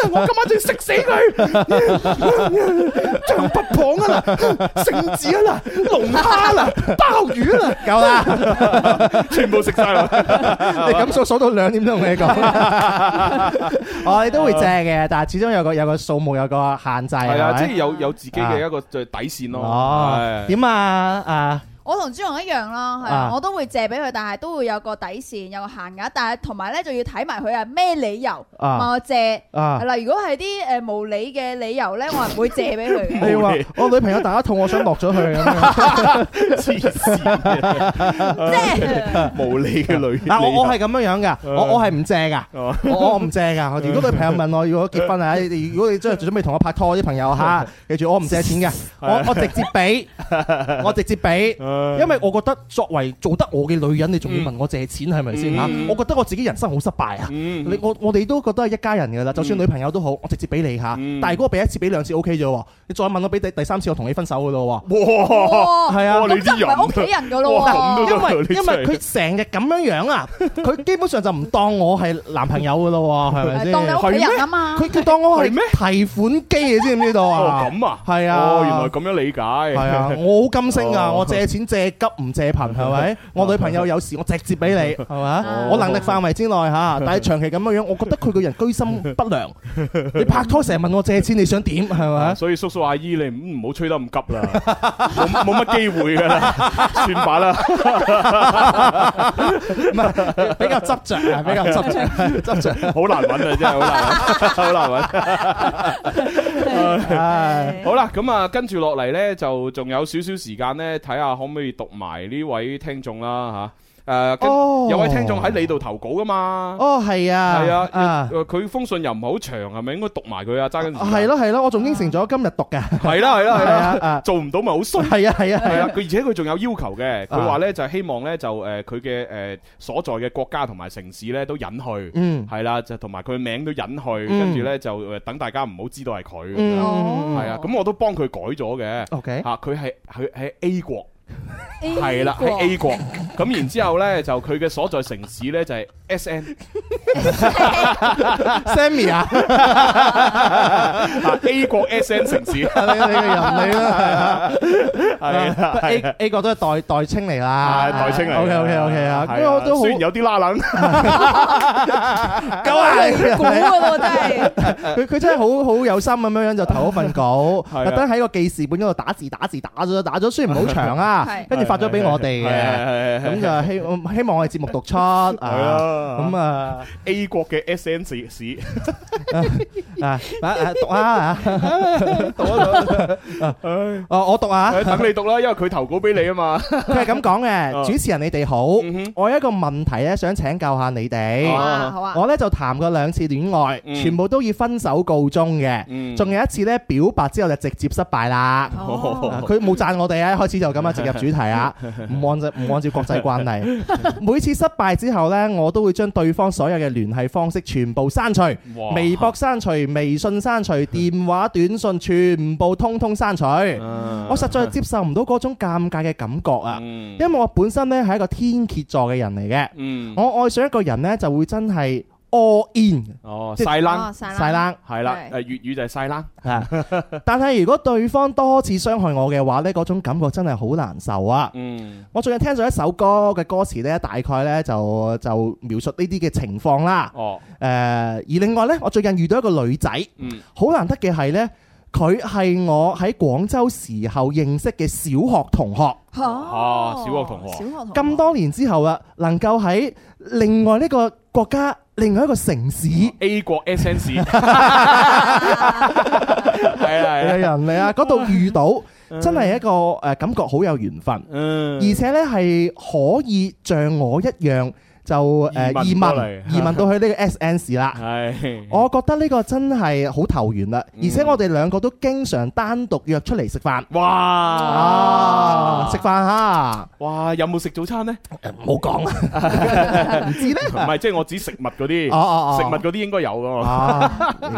我今晚仲要食死佢。象拔蚌啊嗱，聖子啊嗱，龍蝦啦，鮑魚啦、啊，夠啦、啊，全部食晒啦。你咁數數到兩點都同你講？我哋都會借嘅，但係始終有個有個數目有個限。係啊，即係有有自己嘅一個最底線咯。點、哦、係啊？啊！我同朱紅一樣啦，係啊，我都會借俾佢，但係都會有個底線，有個限額。但係同埋咧，仲要睇埋佢係咩理由問我借。嗱、啊，如果係啲誒無理嘅理由咧，我係唔會借俾佢。例如話，我女朋友大家痛，我想落咗佢。黐線即係無理嘅女。嗱， 我我係咁樣樣嘅，啊、我我係唔借噶，我唔借噶。如果女朋友問我如果結婚啊，如果你真係最準備同我拍拖啲朋友吓，記住我唔借錢嘅，我我直接俾，我直接俾。因為我覺得作為做得我嘅女人，你仲要問我借錢係咪先吓？我覺得我自己人生好失敗啊！你我我哋都覺得係一家人噶啦，就算女朋友都好，我直接俾你吓。但係如果俾一次、俾兩次 OK 咗，你再問我俾第三次，我同你分手噶咯。哇！係啊，咁就唔係屋企人噶咯。因為因為佢成日咁樣樣啊，佢基本上就唔當我係男朋友噶咯，係咪先？當屋企人啊嘛，佢佢當我係提款機，你知唔知道啊？咁啊，係啊，原來咁樣理解。係啊，我好金星啊。我借錢。借急唔借貧係咪？我女朋友有時，我直接俾你係嘛？我能力範圍之內吓，但係長期咁樣樣，我覺得佢個人居心不良。你拍拖成日問我借錢，你想點係咪？所以叔叔阿姨，你唔唔好吹得咁急啦，冇冇乜機會噶啦，算罷啦。唔係比較執着啊，比較執着執着，好難揾啊，真係好難，好難揾。 好啦，咁啊，跟住落嚟呢，就仲有少少時間呢，睇下可唔可以讀埋呢位聽眾啦，吓。誒，有位聽眾喺你度投稿噶嘛？哦，係啊，係啊，佢封信又唔係好長，係咪應該讀埋佢啊？揸緊時間。係咯係咯，我仲應承咗今日讀嘅。係啦係啦係啦，做唔到咪好衰。係啊係啊係啊，佢而且佢仲有要求嘅，佢話咧就係希望咧就誒佢嘅誒所在嘅國家同埋城市咧都隱去，嗯，係啦，就同埋佢名都隱去，跟住咧就誒等大家唔好知道係佢，嗯，係啊，咁我都幫佢改咗嘅，OK，嚇佢係喺喺 A 國。係啦，喺 A 國咁，然之後咧就佢嘅所在城市咧就係 SN Sammy 啊，A 國 SN 城市，你嘅人嚟啦，係啊，A A 國都係代代稱嚟啦，代稱嚟，OK OK OK 啊，都雖然有啲拉冷，稿啊，估啊我係，佢佢真係好好有心咁樣樣就投份稿，特登喺個記事本嗰度打字打字打咗打咗，雖然唔好長啊。跟住發咗俾我哋，咁就希希望我哋節目讀出，咁啊 A 國嘅 SN 市，啊讀啊，讀一讀，哦我讀啊，等你讀啦，因為佢投稿俾你啊嘛，佢係咁講嘅，主持人你哋好，我有一個問題咧想請教下你哋，好啊好啊，我咧就談過兩次戀愛，全部都以分手告終嘅，仲有一次咧表白之後就直接失敗啦，佢冇讚我哋啊，一開始就咁啊直。入主題啊！唔按照唔按照國際慣例，每次失敗之後呢，我都會將對方所有嘅聯繫方式全部刪除，哇微博刪除、微信刪除、電話短信全部通通刪除。啊、我實在接受唔到嗰種尷尬嘅感覺啊！嗯、因為我本身呢係一個天蠍座嘅人嚟嘅，我愛上一個人呢，就會真係～all in 哦，曬是、哦、冷曬冷係啦，誒粵語就係曬冷嚇。 但係如果對方多次傷害我嘅話呢，嗰種感覺真係好難受啊。嗯，我最近聽咗一首歌嘅歌詞呢，大概呢就就描述呢啲嘅情況啦。哦，誒、呃、而另外呢，我最近遇到一個女仔，嗯，好難得嘅係呢。佢係我喺廣州時候認識嘅小學同學，啊小學同學，小學同學，咁多年之後啊，能夠喺另外呢個國家另外一個城市 A 國 SN 市，係啊係啊人嚟啊，嗰度遇到真係一個誒感覺好有緣分。嗯，而且呢係可以像我一樣。就誒移民，移民到去呢個 SNS 啦。係，我覺得呢個真係好投緣啦。而且我哋兩個都經常單獨約出嚟食飯。哇，食飯嚇！哇，有冇食早餐咧？唔好講，唔知咧。唔係，即係我指食物嗰啲。哦哦哦，食物嗰啲應該有㗎嘛。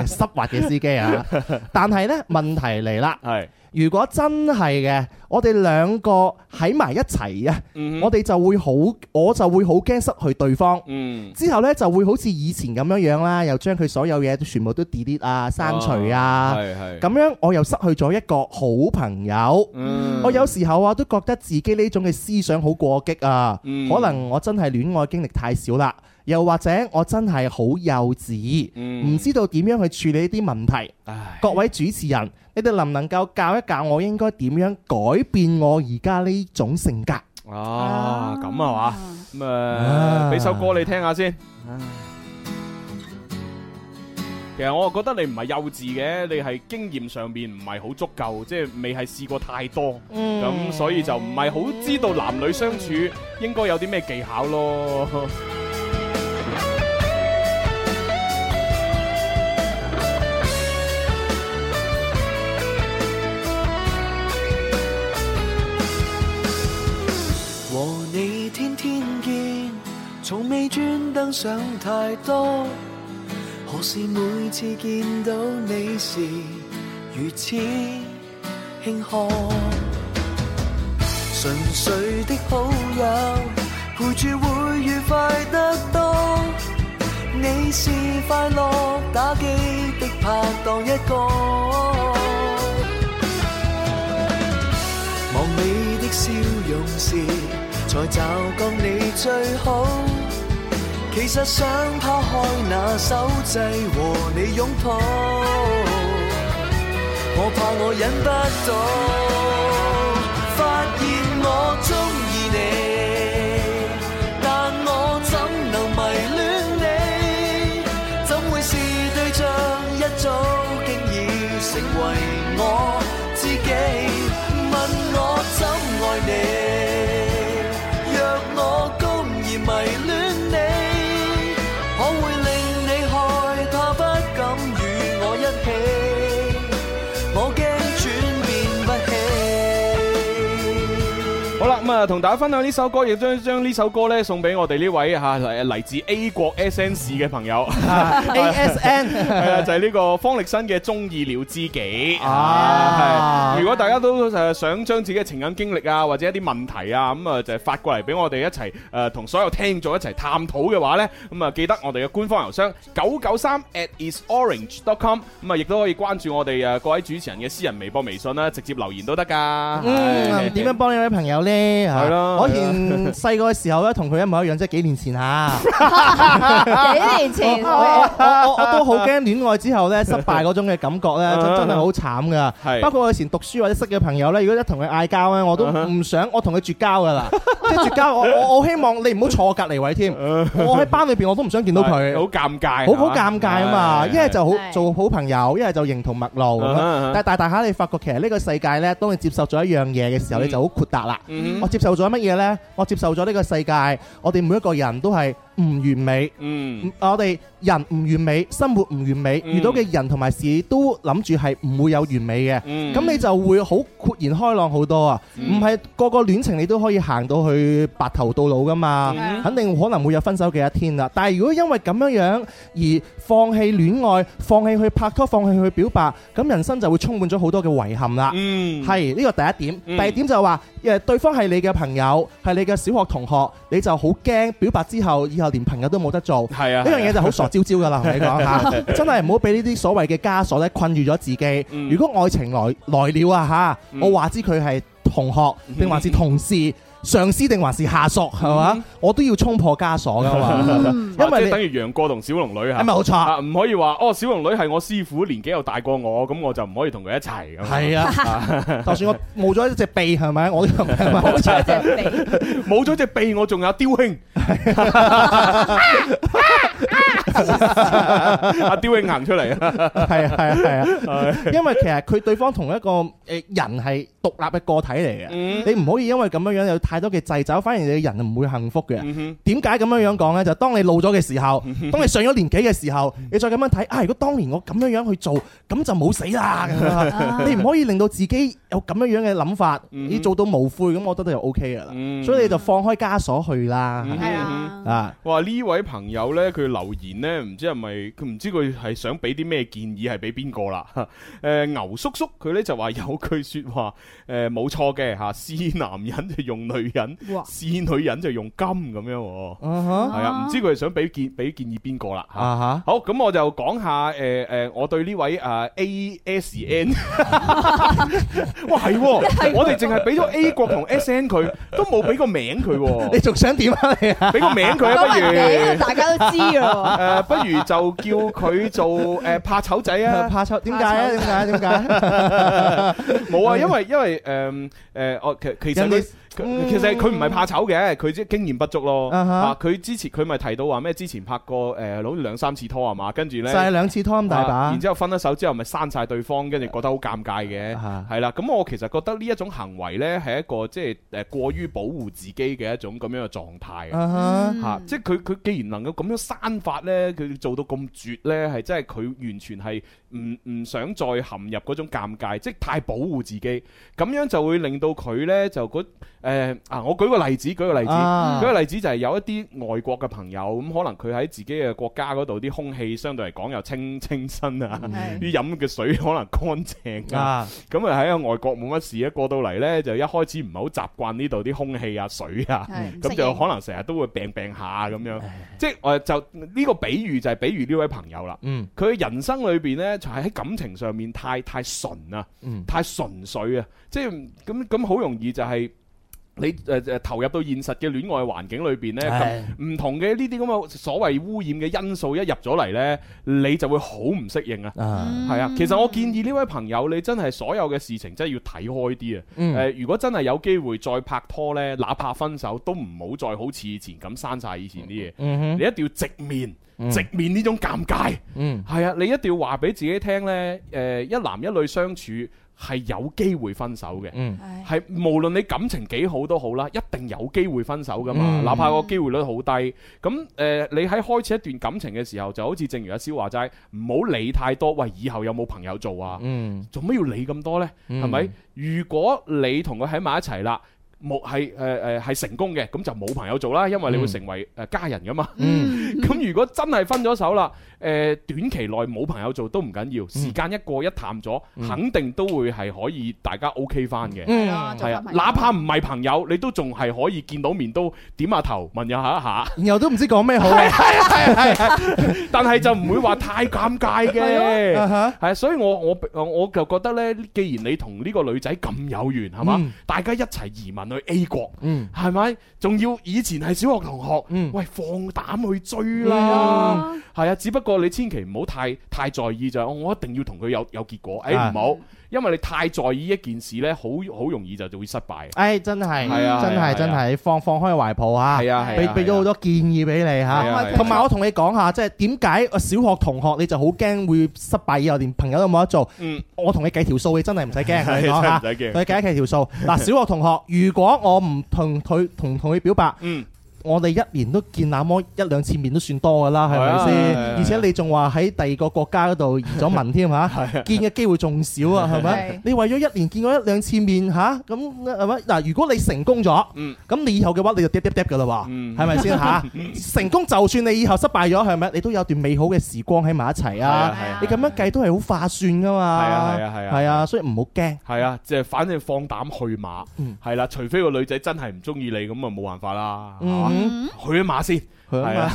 濕滑嘅司機啊！但係咧問題嚟啦。係。如果真係嘅，我哋兩個喺埋一齊啊，嗯、哼我哋就會好，我就會好驚失去對方。嗯、之後呢，就會好似以前咁樣樣啦，又將佢所有嘢全部都 delete 啊、刪除啊，咁、哦、樣我又失去咗一個好朋友。嗯、我有時候啊，都覺得自己呢種嘅思想好過激啊。可能我真係戀愛經歷太少啦。又或者我真係好幼稚，唔知道點樣去處理呢啲問題。各位主持人，你哋能唔能夠教一教我應該點樣改變我而家呢種性格？哦，咁啊嘛，咁誒，俾首歌你聽下先。其實我又覺得你唔係幼稚嘅，你係經驗上面唔係好足夠，即係未係試過太多。咁所以就唔係好知道男女相處應該有啲咩技巧咯。天見，從未專登想太多。何時每次見到你時如此慶賀。純粹的好友陪住會愉快得多。你是快樂打機的拍檔一個。望你的笑容是。才驟覺你最好，其實想拋開那手掣和你擁抱，我怕我忍不到。同、啊、大家分享呢首歌，亦都將呢首歌咧送俾我哋呢位吓嚟、啊、自 A 國、SN、S N 市嘅朋友。A S N 就係呢個方力申嘅《中意了知己》。係如果大家都想將自己嘅情感經歷啊，或者一啲問題啊，咁啊就係、是、發過嚟俾我哋一齊誒同所有聽眾一齊探討嘅話呢，咁啊記得我哋嘅官方郵箱九九三 atisorange.com，咁啊亦都可以關注我哋誒、啊、各位主持人嘅私人微博微信啦、啊，直接留言都得噶、啊。嗯，點是、啊、樣幫呢位朋友呢？係咯，我以前細個嘅時候咧，同佢一模一樣，即係幾年前嚇。幾年前，我我都好驚戀愛之後咧失敗嗰種嘅感覺咧，真真係好慘㗎。包括我以前讀書或者識嘅朋友咧，如果一同佢嗌交咧，我都唔想我同佢絕交㗎啦。即係絕交，我我希望你唔好坐我隔離位添。我喺班裏邊我都唔想見到佢，好尷尬，好好尷尬啊嘛！一係就好做好朋友，一係就形同陌路。但係大大家你發覺其實呢個世界咧，當你接受咗一樣嘢嘅時候，你就好豁達啦。接受咗乜嘢咧？我接受咗呢個世界，我哋每一個人都係唔完美。嗯，我哋人唔完美，生活唔完美，嗯、遇到嘅人同埋事都諗住係唔會有完美嘅。嗯，咁你就會好豁然開朗好多啊！唔係、嗯、個個戀情你都可以行到去白頭到老噶嘛？嗯、肯定可能會有分手嘅一天啦。但係如果因為咁樣樣而放棄戀愛、放棄去拍拖、放棄去表白，咁人生就會充滿咗好多嘅遺憾啦。嗯，係呢、這個第一點。第二點就話，誒，對方係你嘅。朋友係你嘅小學同學，你就好驚表白之後以後連朋友都冇得做。係啊，呢樣嘢就好傻焦焦噶啦。 同你講吓， 真係唔好俾呢啲所謂嘅枷鎖咧困住咗自己。嗯、如果愛情來來了啊，吓、嗯、我話之佢係同學，定還是同事。嗯嗯上司定還是下屬係嘛？嗯、我都要衝破枷鎖噶嘛， 因為你即等於楊過同小龍女吓，係咪冇錯？唔、啊、可以話哦，小龍女係我師傅，年紀又大過我，咁我就唔可以同佢一齊咁。係啊，啊 就算我冇咗一隻臂係咪？我冇錯，冇咗隻臂，我仲有雕兄。 阿刁永恒出嚟，係啊係啊係啊，因為其實佢對方同一個誒人係獨立嘅個體嚟嘅，你唔可以因為咁樣樣有太多嘅掣肘，反而你人唔會幸福嘅。點解咁樣樣講呢？就當你老咗嘅時候，當你上咗年紀嘅時候，你再咁樣睇，啊！如果當年我咁樣樣去做，咁就冇死啦。你唔可以令到自己有咁樣樣嘅諗法，你做到無悔，咁我覺得就 OK 噶啦。所以你就放開枷鎖去啦。啊，哇！呢位朋友呢，佢留言呢。唔知係咪佢唔知佢係想俾啲咩建議係俾邊個啦？誒，牛叔叔佢咧就話有句說話，誒，冇錯嘅吓，是男人就用女人，是哇女人就用金咁樣。係啊哈，唔知佢係想俾建俾建議邊個啦？吓，啊、哈好，咁我就講下誒誒，我對呢位誒、呃、A S N，哇，係，我哋淨係俾咗 A 國同 S N 佢，都冇俾個名佢， 你仲想點啊？俾 個名佢啊？不如 大家都知咯。 不如就叫佢做誒怕醜仔啊！怕醜點解啊？點解點解？冇啊！ 因為因為誒誒，我、呃呃呃、其實。想。其實佢唔係怕醜嘅，佢即係經驗不足咯。Uh huh. 啊，佢之前佢咪提到話咩？之前拍過誒，攞住，呃、兩三次拖係嘛，跟住呢，就兩次拖，咁大把。然之後分咗手之後，咪刪晒對方，跟住覺得好尷尬嘅。係啦，uh，咁，huh. 我其實覺得呢一種行為呢，係一個即係誒過於保護自己嘅一種咁樣嘅狀態。吓，uh huh. 啊，即係佢佢既然能夠咁樣刪法呢，佢做到咁絕呢，係真係佢完全係。唔唔想再陷入嗰種尷尬，即係太保護自己，咁樣就會令到佢呢，就嗰、嗰個、啊！我舉個例子，舉個例子，舉個、啊、例子就係有一啲外國嘅朋友咁、嗯，可能佢喺自己嘅國家嗰度啲空氣相對嚟講又清清新啊，啲飲嘅水可能乾淨啊，咁啊喺外國冇乜事一過到嚟呢，就一開始唔係好習慣呢度啲空氣啊、水啊，咁、嗯、就可能成日都會病病下咁樣。即係就呢個比喻就係比喻呢位朋友啦。佢、嗯、人生裏邊呢。就係喺感情上面太太純啊，太純，嗯、太純粹啊，即係咁咁好容易就係、是、你誒誒、呃、投入到現實嘅戀愛環境裏邊呢，唔是的 同嘅呢啲咁嘅所謂污染嘅因素一入咗嚟呢，你就會好唔適應啊，係啊、嗯，其實我建議呢位朋友你真係所有嘅事情真係要睇開啲啊，誒、嗯呃，如果真係有機會再拍拖呢，哪怕分手都唔好再好似以前咁刪晒以前啲嘢，嗯、你一定要直面。直面呢種尷尬，嗯，係啊，你一定要話俾自己聽呢誒，一男一女相處係有機會分手嘅，係、嗯，無論你感情幾好都好啦，一定有機會分手噶嘛，嗯、哪怕個機會率好低，咁誒、嗯呃，你喺開始一段感情嘅時候，就好似正如阿蕭話齋，唔好理太多，喂，以後有冇朋友做啊？嗯、做乜要理咁多呢？係咪、嗯？如果你同佢喺埋一齊啦，冇係誒誒係成功嘅，咁就冇朋友做啦，因為你會成為誒家人噶嘛。咁、嗯、 如果真係分咗手啦，誒、呃、短期內冇朋友做都唔緊要，時間一過一個一個淡咗，嗯、肯定都會係可以大家 O K 翻嘅。係、嗯、啊，哪怕唔係朋友，你都仲係可以見到面都點下頭問一下一下，然後都唔知講咩好。係 但係就唔會話太尷尬嘅。係 所以我我我就覺得呢，既然你同呢個女仔咁有緣，係嘛，大家一齊移民。 去 A 國，係咪、嗯？仲要以前係小學同學，嗯、喂，放膽去追啦！係、嗯、啊，啊只不過你千祈唔好太太在意就，我一定要同佢有有結果，誒、嗯啊，唔好、欸。因為你太在意一件事呢，好好容易就就會失敗。哎，真係，真係，真係，放放開懷抱啊！係啊，俾俾咗好多建議俾你吓，同埋我同你講下，即係點解小學同學你就好驚會失敗，以後連朋友都冇得做。嗯，我同你計條數，你真係唔使驚。唔使驚，同你計一計條數。嗱，小學同學，如果我唔同佢同同佢表白，嗯。我哋一年都見那麼一兩次面都算多噶啦，係咪先？而且你仲話喺第二個國家嗰度移咗民添嚇，見嘅機會仲少啊，係咪？你為咗一年見過一兩次面嚇，咁係咪嗱？如果你成功咗，咁你以後嘅話你就跌跌跌噶啦喎，係咪先嚇？成功就算你以後失敗咗，係咪？你都有段美好嘅時光喺埋一齊啊！你咁樣計都係好化算噶嘛，係啊係啊係啊，係啊，所以唔好驚。係啊，即係反正放膽去馬，係啦。除非個女仔真係唔中意你，咁啊冇辦法啦，嗯，去一馬先。係啊，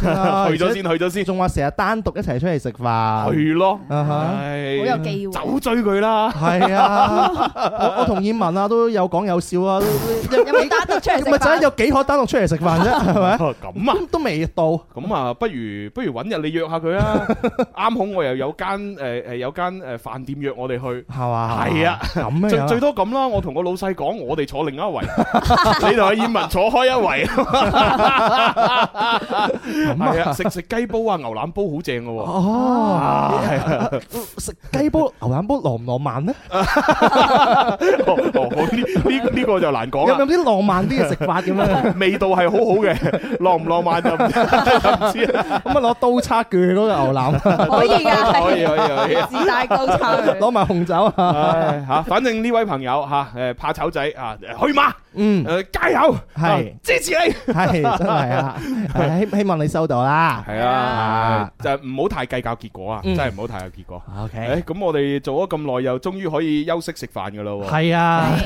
去咗先，去咗先，仲話成日單獨一齊出嚟食飯，去咯，係好有機會，就追佢啦，係啊，我我同燕文啊都有講有笑啊，有冇單獨出嚟？咪真係有幾可單獨出嚟食飯啫，係咪？咁啊，都未到，咁啊，不如不如揾日你約下佢啊，啱好我又有間誒誒有間誒飯店約我哋去，係嘛？係啊，咁最最多咁啦，我同個老細講，我哋坐另一圍，你同阿燕文坐開一圍。係啊，食食雞煲啊，牛腩煲好正噶喎。哦，係啊。食雞煲、牛腩煲浪唔浪漫咧？哦哦，呢呢呢個就難講。有冇啲浪漫啲嘅食法咁啊？味道係好好嘅，浪唔浪漫就唔知。咁啊，攞刀叉鋸嗰個牛腩。可以噶，可以可以可以。自帶刀叉，攞埋紅酒啊。吓，反正呢位朋友吓，誒，怕醜仔啊，去嘛。嗯，誒，加油，係支持你，係真係啊，希希望你收到啦，係啊，就唔好太計較結果啊，真係唔好太有結果。O K，咁我哋做咗咁耐，又終於可以休息食飯噶啦，係啊，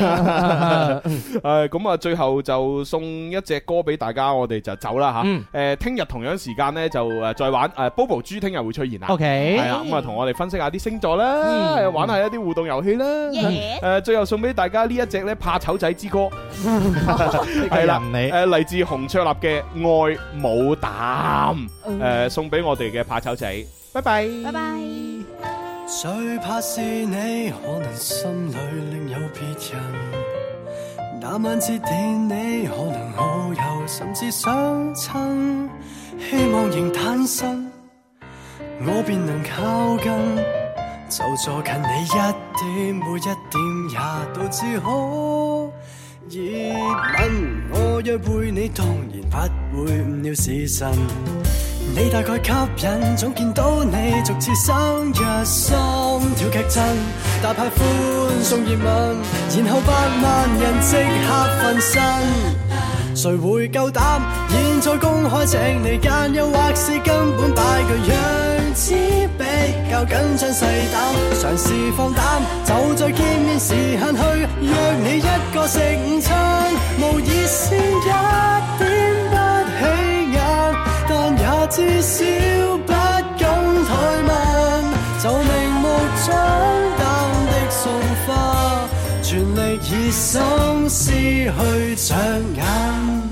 誒，咁啊，最後就送一隻歌俾大家，我哋就走啦吓。誒，聽日同樣時間咧，就誒再玩誒，Bobo 豬聽日會出現啦。O K，係啊，咁啊同我哋分析下啲星座啦，玩下一啲互動遊戲啦。誒，最後送俾大家呢一隻咧怕醜仔之歌。係 啦 人，你 誒、 啊，嚟自洪卓立嘅《愛冇膽》，誒、嗯， 送俾我哋嘅怕醜仔，拜拜，拜拜。最怕是你可能心裏另有別人，那晚接電你可能好友，甚至相親，希望仍單身，我便能靠近，就坐近你一點，每一點也都至好。熱吻，我約會你當然不會誤了時辰。你大概吸引，總見到你逐次生日心跳劇震，大派歡送熱吻，然後百萬人即刻瞓身。誰會夠膽現在公開請你？但又或是根本擺個樣？只比較緊張細膽，嘗試放膽，就在見面時去約你一個食午餐。無熱線一點不起眼，但也至少不敢怠慢，就明目張膽的送花，全力以心思去搶眼。